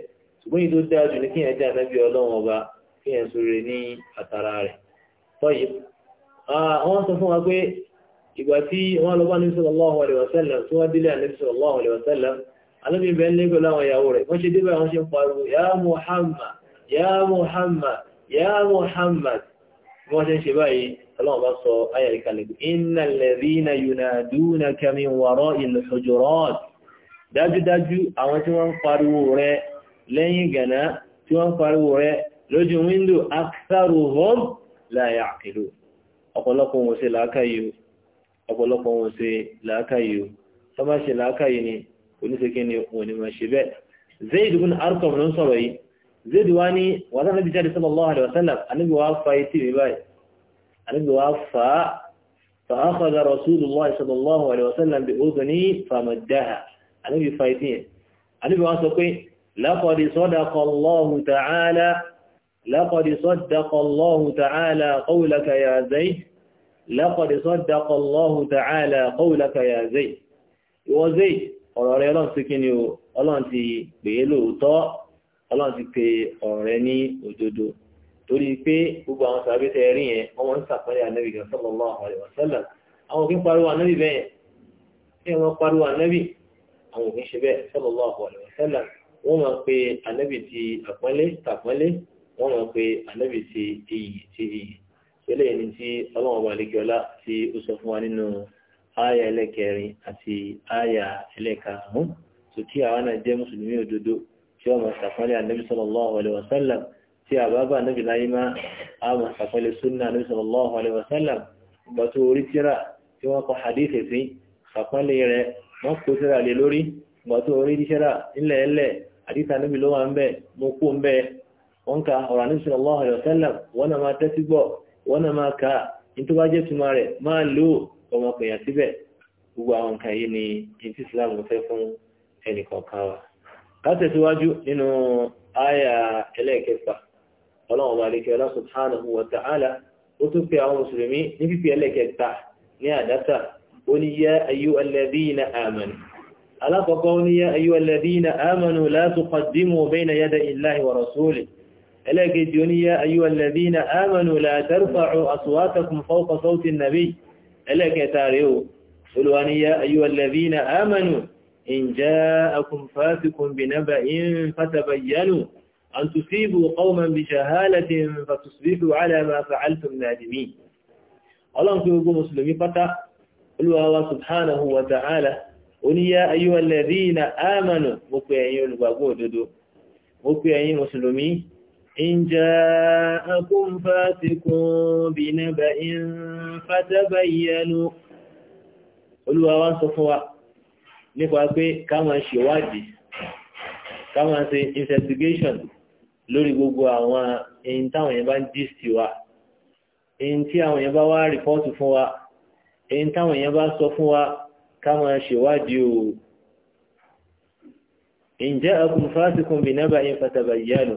wa sallallahu alaihi wasallam sallallahu alaihi wasallam alábi ibẹ̀ ń lé pẹ̀lú àwọn ìyàwó rẹ̀ wọ́n ṣe débà wọ́n ṣe ń pariwo ya Muhammad ya Muhammad ya Muhammad wọ́n ṣe ń ṣe báyìí ọlọ́run bá sọ ayà ìkàlẹ̀ innal ladhina yunadunaka min wara'il hujurat dájúdájú àwọn tí wọ́n ń pariwo rẹ lẹ́yìn gànà tí wọ́n ń pariwo rẹ lójú wíńdò ọ̀pọ̀lọpọ̀ wọn ṣe làákàyè ọ̀pọ̀lọpọ̀ wọn ṣe làákàyè tọ́ ṣe làákàyè ni oníṣẹ́kẹ́ ni òun ni wọ́n ṣe bẹ́ẹ̀ zayd bin arqam ló ń sọ̀rọ̀ yìí zayd wá ní wàtá nàbí jáde sallallahu alaihi wasallam anábì wá fa etí mi báyìí anábì wá fa fa akhadha rasulullah ọ̀rọ̀ rẹ ọlọ́run ti kí ni o ọlọ́run ti pè é lóòótọ́ ọlọ́run ti pe ọ̀rọ̀ rẹ ní òdodo torí pé gbogbo àwọn sàbí tẹ rí yẹn wọ́n wọ́n ń sàpẹ́lẹ̀ ànábì kan sallallahu alaihi wasallam àwọn òfin pariwo ànábì bẹ́ẹ̀ tí wọ́n pariwo ànábì àwọn òfin ṣe bẹ́ẹ̀ sallallahu alaihi wasallam wọ́n máa pe ànábì ti àpọ́nlé tàpọ́nlé wọ́n máa pe ànábì ti iyì ti iyì pẹ̀lẹ́ ẹni tí ọlọ́run ọba àlekíọ́lá ti ó sọ fún wa nínú aya ẹlẹ́kẹrin àti aya ẹlẹ́karùn-ún tó kí àwa náà jẹ́ mùsùlùmí òdodo tí ọmọ ṣàpọ́nlé ànábì sallallahu alaihi wasallam tí a bá bá ànábì láyé má a mọ̀ ṣàpọ́nlé súnà ànábì sallallahu alaihi wasallam ìgbà tó orí tíra tí wọ́n kọ ọ̀rọ̀ ànábì sallallahu alaihi wasallam wọ́n náà máa tẹ́sí gbọ́ wọ́n náà máa ka ní tó bá jẹ́ tuma rẹ̀ máa lò ọmọ pèèyàn síbẹ̀ gbogbo àwọn nǹkan yìí ni ìtì islam fẹ́ fún ẹnìkọ̀ọ̀kan wa ká tẹ̀síwájú nínú àyà ẹlẹ́ẹ̀kẹfà ọlọ́run bá lékẹ́ ọlá subhanahu wa ta'ala ó tún pe àwọn mùsùlùmí ní pípẹ́ ẹlẹ́ẹ̀kẹta ní àdáta ó ní yá ayú alladhina amanu alákọ̀ọ́kọ́ ó ní yá ayú alladhina amanu la tuqaddimu bayna yada illahi wa rasulihi ó ní yá ayú alladhina amanu la tarfa'u aswatakum fawqa sawti ẹlẹ́kẹta rẹ̀ o olùwàníyà ayyuhallazina amanu in ja'akum fasiqun binaba'in fatabayyanu an tusibu qauman bi jahalatin fatusbihu ala ma fa'altum nadimin ọlọ́run kí gbogbo mùsùlùmí pátá olùwàwà subhanahu wa ta'ala oníyà ayyuhallazina amanu إن جاءكم فاسق بنبأ فتبينوا Olúwa wa sọ fún wa nípa pé ká máa ṣèwádìí ká máa ṣe investigation lórí gbogbo àwọn ẹyin táwọn yẹn bá ń gist wa ẹyin tí àwọn yẹn bá wá rìpọ́ọ̀tù fún wa ẹyin táwọn yẹn bá sọ fún wa ká máa ṣèwádìí o in ja'akum fasiqun bi naba'in fatabayyanu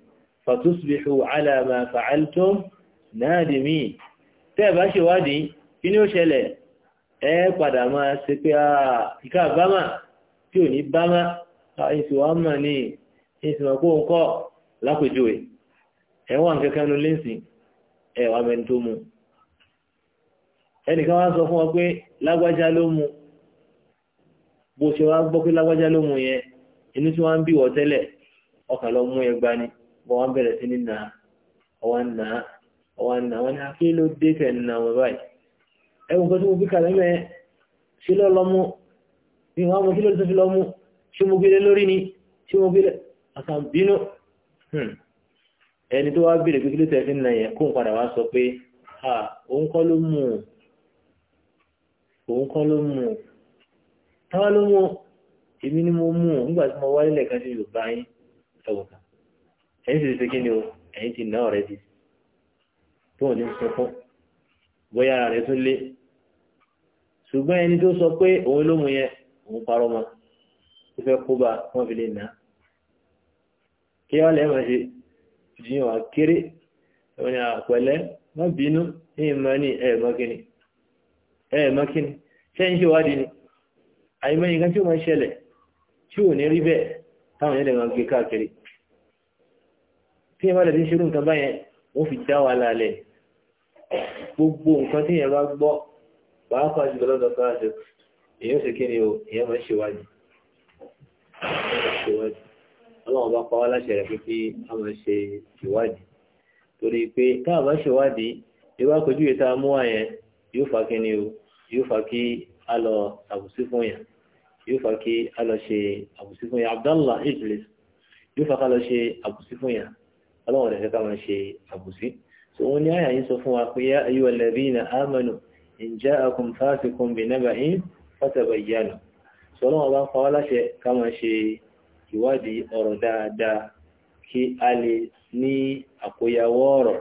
fàtúsùbìhù alàmà fàáltó náàdìmí tẹ́ ẹ̀ bá ṣèwádìí kí ni ó ṣẹlẹ̀ ẹ padà máa ṣe pé ìka bámà tí ò ní bámà ìṣòwámà ní ìṣìnàkó ńkọ́ lápèjúwe ẹ̀wọ̀n kankan ló lẹ́sìn ẹ̀wà mẹ́ni tó mu ẹnìkan wá sọ fún ọ pé lágbájá ló mu bó ṣe wá gbọ́ pé lágbájá ló mu yẹn inú tí wọ́n ń bí wọ́ tẹ́lẹ̀ ọkàn lọ mú ẹgbàá bọ́ wọ́n bẹ̀rẹ̀ sí ní nà ọwọ́ nà ọwọ́ nà wọ́n ní kí ló dé tẹ̀ nà wọ́n báyìí ẹ̀wọ̀n kan tí mo fi kàlẹ́ mẹ́ ṣe lọ́ lọ́mú ní wọ́n mú kí ló tó fi lọ́mú ṣé mo gbélé lórí ni hmm. ẹni tó wá bèèrè pé kí ló tẹ̀ fi nà padà wá sọ pé ha òun kọ́ ló mú òun kọ́ ló mú táwa ló mú èmi ni mo mú nígbà mo wá nílẹ̀ kan ṣe Yorùbá yín ẹ̀wọ̀n ẹ̀yìn si ṣe kí ni o ẹ̀yìn ti ná ọ̀rẹ́ ti tó ní sọ fún bóyá ara rẹ̀ tún lé ṣùgbọ́n ẹni tó sọ pé òun ló mú yẹn òun parọ́ mọ́ ó fẹ́ kó bá wọ́n fi lè nà kí wọ́n lè máa ṣe ìdíyàn wá kéré wọ́n ní àpẹẹlẹ má bínú ní ìmọ̀ ní ẹ̀ẹ̀mọ́ kíni ẹ̀ẹ̀mọ́ kíni ṣé ṣe wádìí ni àìmọ́ nǹkan tí ó máa ṣẹlẹ̀ tí ò ní rí bẹ́ẹ̀ táwọn yẹn lè máa tí ẹ bá lè ti ṣerú nǹkan báyẹn wọ́n fi dá wa lálẹ́ gbogbo nǹkan tí yẹn bá gbọ́ pàápàá jùlọ lọ́dọ̀ káàṣẹ èyí ó sì kí ni o ìyẹn máa ń ṣèwádìí ṣèwádìí ọlọ́run bá pa wá láṣẹ rẹ̀ pípé a máa ṣe ìwádìí torí pé tá a bá ṣèwádìí ìwà kojú ìta mú àyẹn yóò fa kí ni o yóò fa kí a lọ àbùsí fún yẹn yóò fa kí a lọ ṣe àbùsí fún yẹn Abdallah Idris yóò fa ká lọ ṣe àbùsí fún yẹn ọlọ́run rẹ̀ fẹ́ káwọn ṣe àbùsí so wọ́n ní àyà yìí sọ fún wa pé yá ayú alladhina amanu in ja'akum fasiqun binaba'in fatabayyanu so ọlọ́run bá ń pa wá láṣẹ káwọn ṣe ìwádìí ọ̀rọ̀ dáadáa kí a lè ní àkóyawọ́ ọ̀rọ̀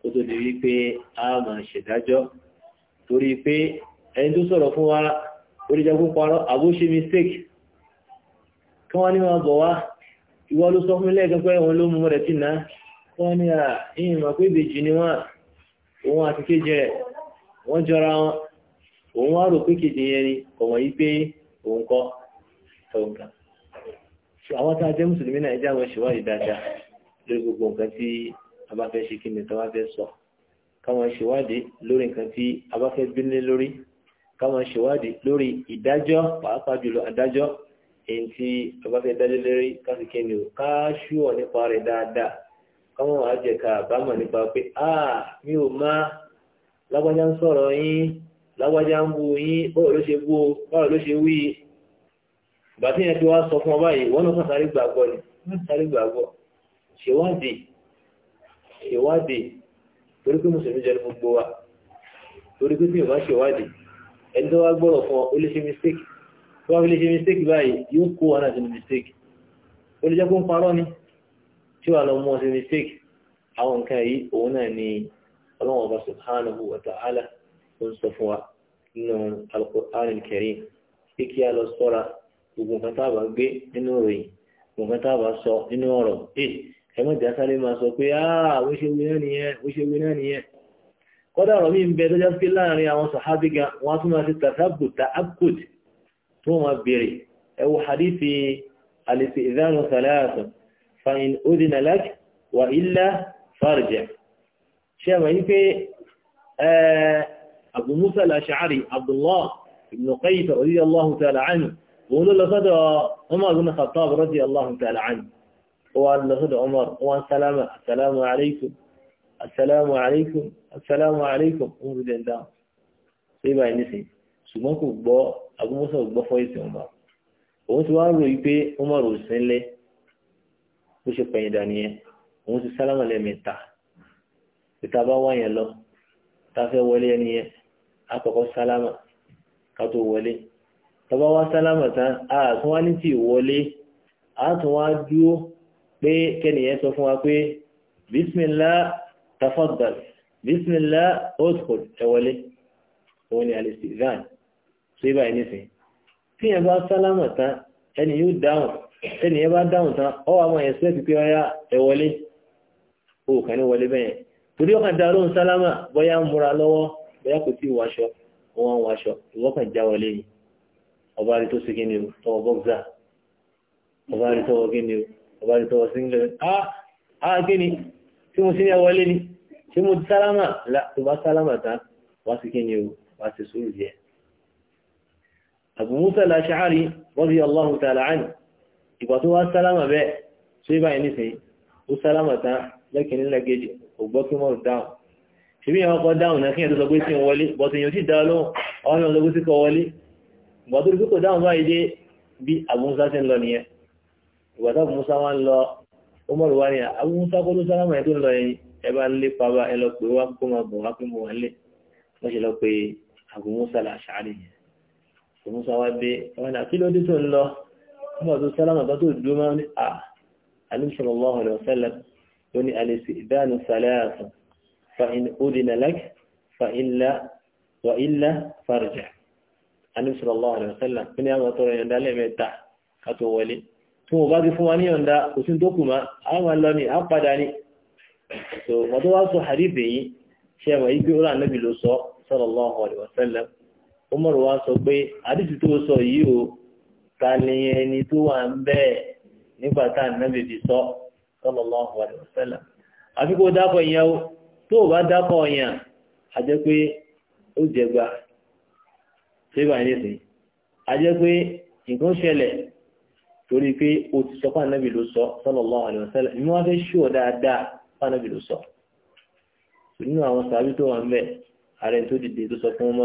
tó tó di wípé a máa ṣèdájọ́ torí pé ẹni tó sọ̀rọ̀ fún wa oríjàgbó parọ́ àbóṣe mistake kí wọ́n ní wọn bọ̀ wá ìwọ ló sọ fún lẹ́ẹ̀kan pé òun ló mú rẹ̀ tì náà wọ́n ní à ìyìn mọ̀ pé ìbejì ni wọ́n òun àti kejì rẹ̀ wọ́n jọra wọn òun wá rò pé kejì yẹn ni ọ̀wọ̀ yìí pé òun kọ́ òun kan àwọn tá a jẹ́ mùsùlùmí náà ẹjẹ́ àwọn ìṣèwádìí dáadáa lórí gbogbo nǹkan tí a bá fẹ́ ṣe kí ni tó bá fẹ́ sọ káwọn ìṣèwádìí lórí nǹkan tí a bá fẹ́ bínú lórí káwọn ìṣèwádìí lórí ìdájọ́ pàápàá jùlọ adájọ́ èyí tí ọba fẹ́ dálé lérí káfí kẹ́ni o ká ṣúọ̀ nípa rẹ̀ dáadáa káwọn àjẹká àbámọ̀ nípa pé a mi ò má lágbájá ń sọ̀rọ̀ yín lágbájá ń bu yín báwo ló ṣe bú o báwo ló ṣe wí i ìgbà tí yẹn ti wá sọ fún ọba yìí wọ́n náà sáré gbàgbọ́ ni wọ́n sáré gbàgbọ́ ṣèwádìí ṣèwádìí torí pé mùsùlùmí jẹ́ gbogbo wa torí pé bí o bá ṣèwádìí ẹni tó tó wá fi lè ṣe mistake báyìí yóò kó wọn náà sínú mistake ó lè jẹ́ kó ń parọ́ ni tí wàá lọ mú ọ sí mistake àwọn nǹkan yìí òun náà ni ọlọ́wọ́n ọba subhanahu wa ta'ala ó ń sọ fún wa nínú al-Qur'an al-Karim pé kí a lọ sọ́ra gbogbo nǹkan tá a bá gbé nínú ìròyìn gbogbo nǹkan tá a bá sọ nínú ọ̀rọ̀ eh, ẹ mọ̀ ìjà sáré máa sọ pé ah, ó ṣe wí náà nìyẹn kọ́dà ọ̀rọ̀ mi ń bẹ tó jẹ́ pé láàrin àwọn sàhábì gan tún máa ṣe tàbùtà àbùtà tí wọ́n máa bèèrè ẹwọ hadithi alìsì ìdánù sàlẹ́àtọ̀ fa'in udina lak wa illa farjẹ̀ ṣe ma yí pé abu musa al-ash'ari abdullah ibn qayyita radiyallahu ta'ala anhu wọ́n ló lọ́sọ́dọ̀ umar bin khattab radiyallahu ta'ala anhu wọ́n lọ́sọ́dọ̀ umar wọ́n salama assalamu alaikum assalamu alaikum assalamu alaikum umar bin dam sai ba ni sai ṣùgbọ́n kò gbọ́ agbóhùnsọ̀ gbọ́ fọ́ìsì ọmọ òun ti wá rò yí pé Umar ò sínlẹ̀ bó ṣe pẹ̀yìn dà nìyẹn òun ti sálámà lẹ́ẹ̀mẹ́ta ìta bá wá yẹn lọ tá a fẹ́ wọlé ẹni yẹn á kọ́kọ́ sálámà ká tó wọlé tá a bá wá sálámà tán a tún wá ní tí ìwọlé a tún wá dúró pé kẹ́nìyẹn sọ fún wa pé bísmìlá tafaddal bísmìlá ó ti kò ẹwọlé òun ni alẹ́ sí ìdáhùn ṣe báyìí nísìn tí yẹn bá sálámà tán ẹni yóò dáhùn ẹni yẹn bá dáhùn tán ọ wà máa ẹ̀sẹ̀ pípẹ́ ọyá ẹ wọlé o kàn ní wọlé bẹ́yẹn torí ọkàn dá lóhùn sálámà bóyá ń múra lọ́wọ́ bóyá kò tí ì wáṣọ wọn ń wáṣọ ìwọ́kàn já wọlé yìí ọba rí tó ṣe kí ni o tọwọ́ bọ́gzà ọba rí tọwọ́ kí ni o ọba rí tọwọ́ síngilẹ̀ ah ah kí ni tí mo sí ní ẹwọlé ni tí mo sálámà tó bá sálámà tán wá sí kí ni o wá sí sùúrù díẹ̀ Abu Musa al-Ash'ari radiyallahu ta'ala anhu ìgbà tó wá sálámà bẹ́ẹ̀ tó yẹ báyìí nísìnyí ó sálámà tán lẹ́kìnní lẹ́gẹ̀jì kò gbọ́ kí wọ́n dáhùn ṣèbí àwọn ọkọ̀ dáhùn náà kí ẹ̀ tó sọ pé sí wọlé bọ́tù èèyàn sì dá lóhùn ọ̀hún ló lọ́gbó sí kọ wọlé ìgbà tó rí kókò dáhùn báyìí dé bí Abu Musa ti ń lọ nìyẹn ìgbà tó Abu Musa mo ṣe lọ pé Abu làṣà nìyẹn Musa wá dé ẹwọ́n ni àkílódé tó ń lọ ọmọ tó sálámà bá tó dúró máa ní à alìsọ̀rọ̀lọ́ ọ̀rẹ́ ọ̀sẹ́lẹ̀ tó ní alìsì ìdánu sàlẹ́àsù fa'in odina lak fa'illa farja alìsọ̀rọ̀lọ́ ọ̀rẹ́ ọ̀sẹ́lẹ̀ tó ní àwọn tọrọ yọ̀ndà lẹ́mẹ̀ta kàtó wọlé tó wọ́n tó so mọ̀tọ́ wá sọ hadith yìí ṣe wà yí pé ó rà nábì ló sọ sọ̀rọ̀lọ́ ọ̀rẹ́ ọ̀sẹ́lẹ̀ Umar wa sọ pé àdìsí tó sọ yìí o ta ni ẹni tó wà ń bẹ́ẹ̀ nígbà tá sọ sallallahu alaihi wasallam àfi kó dákọ̀ yẹn o tó o bá dákọ̀ yẹn a jẹ́ pé ó jẹgba ṣé bá a jẹ́ pé nǹkan ṣẹlẹ̀ torí pé o ti sọ sọ ìmú wa fẹ́ dáadáa ló sọ nínú àwọn sàbí tó wà ń ààrẹ tó dìde tó sọ fún ọmọ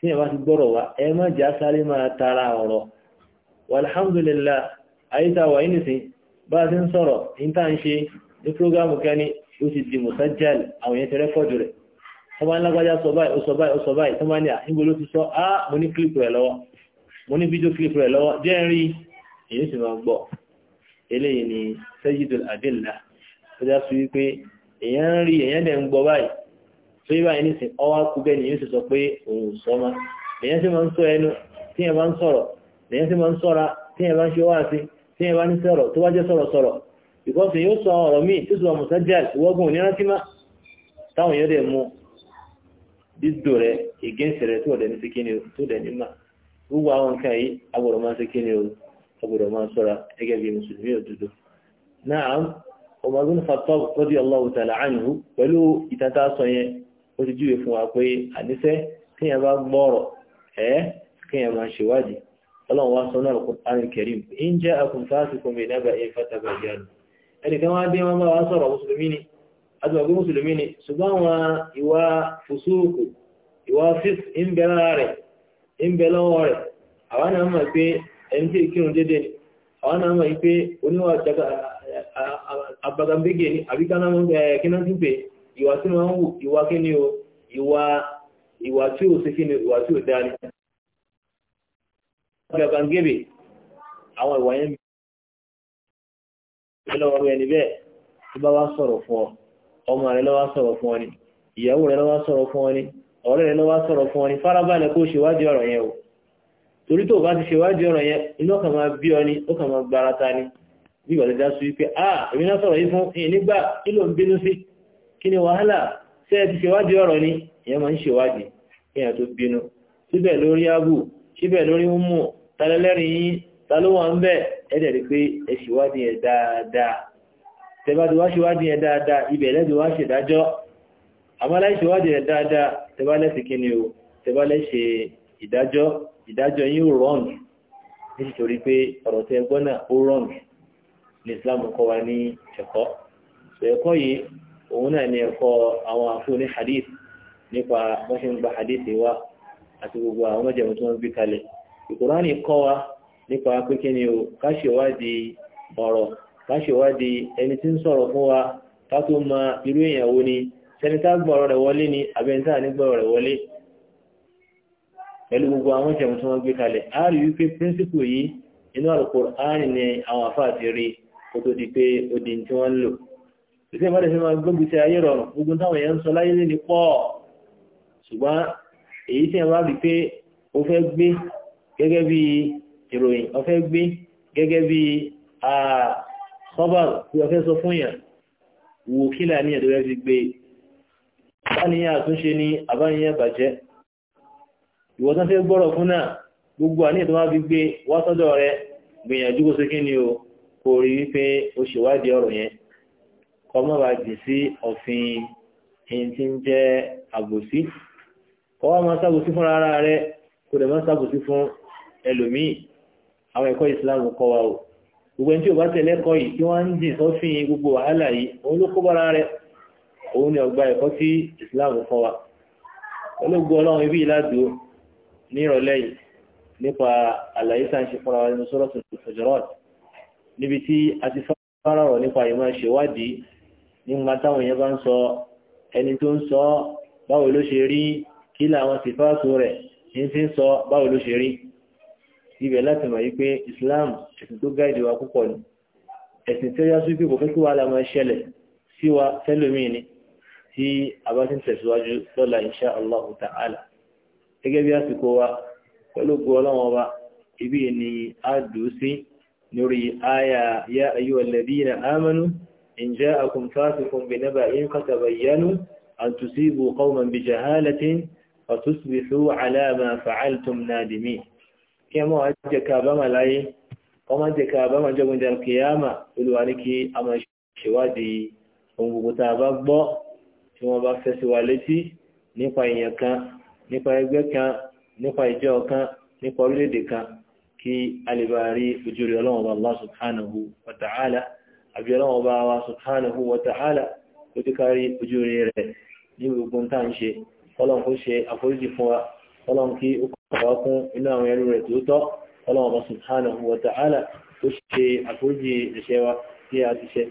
tí ẹ bá ti gbọ́rọ̀ wá ẹ má jẹ́ asáré máa tara ọ̀rọ̀ walhamdulillah àyíká wà nísìn bá a ti ń sọ̀rọ̀ níta ń ṣe ní prógámù kẹ́ni ó ti di mùsájẹ́lì àwọn èèyàn ti rẹ́kọ̀dù rẹ̀ tó bá ń lágbájá sọ báyìí ó sọ báyìí ó sọ báyìí tó bá ní àyíbo ló rí èyí dẹ̀ ń gbọ́ báyìí tó yíba ẹni sìn ọwá kú bẹ́ẹ̀ nìyẹn sì sọ pé òun sọ ma lèyẹn sì máa ń sọ ẹnu tí yẹn sọ́ra tí yẹn bá ń ṣe wá sí tí yẹn bá ń sọ̀rọ̀ tó bá jẹ́ yóò sọ ọ̀rọ̀ sọ bin Khattab radiyallahu ta'ala anhu pẹ̀lú ìtàtà sọ yẹn ó ti júwe fún wa pé àníṣẹ́ kíyàn bá gbọ́rọ̀ ẹ́ kíyàn máa ṣèwádìí ọlọ́run wá sọ́nà Al-Qur'an Karim in ja'akum fasiqun binaba'in fatabayyanu ẹnìkan wá dé wọn bá wá sọ̀rọ̀ mùsùlùmí ni àtìwàgbé mùsùlùmí ni ṣùgbọ́n wọn ìwà fùsúùkù ìwà tí ni àwọn náà mọ̀ pé oníwà ni àbíkáná kí náà ti pè ìwà tí wọ́n ń wù ìwà kí ni o ìwà ìwà tí ò sí kí ni ìwà tí ò dá ní gbàgbàǹgébè àwọn ìwà yẹn bí lọ́wọ́ ẹni bẹ́ẹ̀ tí bá wá sọ̀rọ̀ fún ọ ọmọ rẹ̀ lọ́wọ́ sọ̀rọ̀ fún ọ ni ìyàwó rẹ̀ lọ́wọ́ sọ̀rọ̀ fún ọ ni ọ̀rẹ́ rẹ̀ lọ́wọ́ sọ̀rọ̀ fún ọ ni farabalẹ̀ kó ṣèwádìí ọ̀rọ̀ yẹn o torí tó bá ti ṣèwádìí ọ̀rọ̀ yẹn inú ọkàn máa bí ọ ni ó kàn máa gbára ta ni bí ìgbàlódé dá sí wípé ah èmi náà sọ̀rọ̀ yìí fún ìyẹn nígbà kí ló ń bínú sí kí ni wàhálà ṣé ẹ ti ṣèwádìí ọ̀rọ̀ ni ìyẹn máa ń ṣèwádìí kí èèyàn tó bínú síbẹ̀ lórí ábù síbẹ̀ lórí mímú talẹ́lẹ́rìn yín ta ló wà ń bẹ̀ ẹ dẹ̀ rí pé ẹ ṣèwádìí yẹn dáadáa tẹ́bá ti wá ṣèwádìí yẹn dáadáa ibẹ̀ lẹ́sìn wá ṣèdájọ́ àmọ́ láì ṣèwádìí yẹn dáadáa tẹ́bá lẹ́sìn kí ni o tẹ́bá lẹ́sẹ̀ ìdájọ́ ìdájọ́ yín ò rọ́ǹg nítorí pé ọ̀rọ̀ tẹ́ gbọ́n náà ó rọ́ǹg ní Islam kọ́ wa ní ẹ̀kọ́ ẹ̀kọ́ yìí òun náà ni ẹ̀kọ́ àwọn àfúnni hadith nípa wọ́n ṣe ń gba hadith wa àti gbogbo àwọn mọ́jẹ̀mú tí wọ́n gbé kalẹ̀ ìkùránì kọ́ wa nípa pé kí ni o ká ṣèwádìí ọ̀rọ̀ ká ṣèwádìí ẹni tí ń sọ̀rọ̀ fún wa ká tó mọ irú èèyàn wo ni sẹni ìdí ìmọ̀ lẹ́sẹ̀ máa gbógun ti ayé rọrùn gbogbo táwọn èèyàn ń sọ láyé lè pọ̀ ṣùgbọ́n èyí tí wọ́n rí pé o fẹ́ gbé gẹ́gẹ́ bí ìròyìn o fẹ́ gbé gẹ́gẹ́ bí sọ́bàrù tí o fẹ́ sọ fún yàn wò kí láàrin ẹ̀dọ́rẹ́ fi gbé báníyàn àtúnṣe ní àbáníyàn bàjẹ́ ìwọ tán fẹ́ gbọ́rọ̀ fún náà gbogbo àníyàn tó fi gbé wá rẹ gbìyànjú kó ṣe ni o kò rí wípé o ṣèwádìí ọ̀rọ̀ yẹn kọ́mọ́ bá jì sí òfin ẹni tí ń jẹ́ àbòsí kọ́wọ́ máa sábòsí fún ara rẹ kò dẹ̀ máa sábòsí fún ẹlòmíì àwọn ẹ̀kọ́ ìsìláàmù kọ́ wa o gbogbo ẹni tí o bá tẹ̀lé ẹ̀kọ́ yìí tí wọ́n ń jìn sọ́fìn gbogbo wàhálà yìí òun ló kó bára rẹ òun ni ọgbà ẹ̀kọ́ tí ìsìláàmù kọ́ wa ológun ọlọ́run ibi ìlàdó ní ìrọ̀lẹ́ yìí nípa àlàyé tá ń ṣe fúnra wa nínú sọ́rọ̀ tó níbi tí a ti fara rọ̀ nípa ìmọ̀ ṣèwádìí nígbà táwọn èèyàn bá ń sọ ẹni tó ń sọ báwo ló ṣe rí kí làwọn sífáàtù rẹ̀ ní ti ń sọ báwo ló ṣe rí ibẹ̀ láti mọ̀ yí pé Islam ẹ̀sìn tó gáìdì wa púpọ̀ ni ẹ̀sìn tó yá sí pé kò fẹ́ kí wàhálà máa ṣẹlẹ̀ sí wa tẹ́lómìn ni tí a bá ti ń tẹ̀síwájú lọ́la insha Allah ta'ala gẹ́gẹ́ bí àsìkò wa pẹ̀lú gbọ́ ọlọ́wọ́n wa ibi ni a dùn sí lórí àyà yá ayyuhal ladina amanu إن جاءكم فاسق بنبأ فتبينوا أن تصيبوا قوما بجهالة فتصبحوا على ما فعلتم نادمين كما أجكى بما لاي وما أجكى بما جبن جل القيامة ولوانك أما شوادي ومبتابا بو ثم بفس والتي nípa èèyàn kan nípa ẹgbẹ́ kan nípa ìjọ kan nípa orílẹ̀-èdè kan kí a lè bá rí àbíọ́lọ́wọ́ ọba wa subhanahu wa ta'ala tó ti kárí ojú rẹ̀ ní gbogbo tá ń ṣe ọlọ́run kó ṣe àforíjì fún wa ọlọ́run kí ó kọ̀wá fún inú àwọn ẹrú rẹ̀ tó tọ́ ọlọ́run ọba subhanahu wa ta'ala tó ṣe àforíjì ẹ̀ṣẹ̀ wa tí a ti ṣe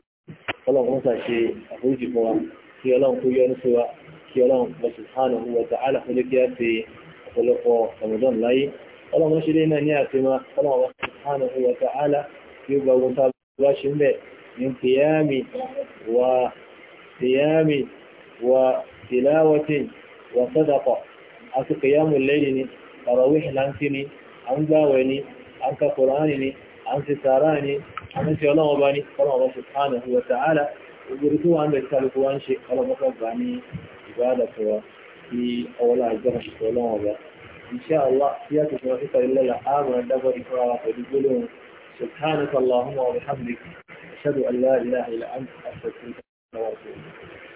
ọlọ́run kó ṣe àforíjì fún wa kí ọlọ́run kó yọ́nú sí wa lé náà ní àfihàn ọlọ́run ọba subhanahu wa ta'ala kí ó gba ogun tá ṣe ń bẹ́ẹ̀ من قيام وصيام وتلاوة وصدقة أتو قيام الليل تراويح لانسيني أن داويني أنك قرآنني أنك عن أنك الله وباني الله سبحانه وتعالى وقلتوا أن بيتالك وانشي الله وباني عبادة في أولى عزة الله وباني إن شاء الله سياتي في وفقة لله آمن الدبر إقرارك وبيقولون سبحانك اللهم وبحمدك أشهد أن لا إله إلا أنت أشهد أستغفرك وأتوب إليك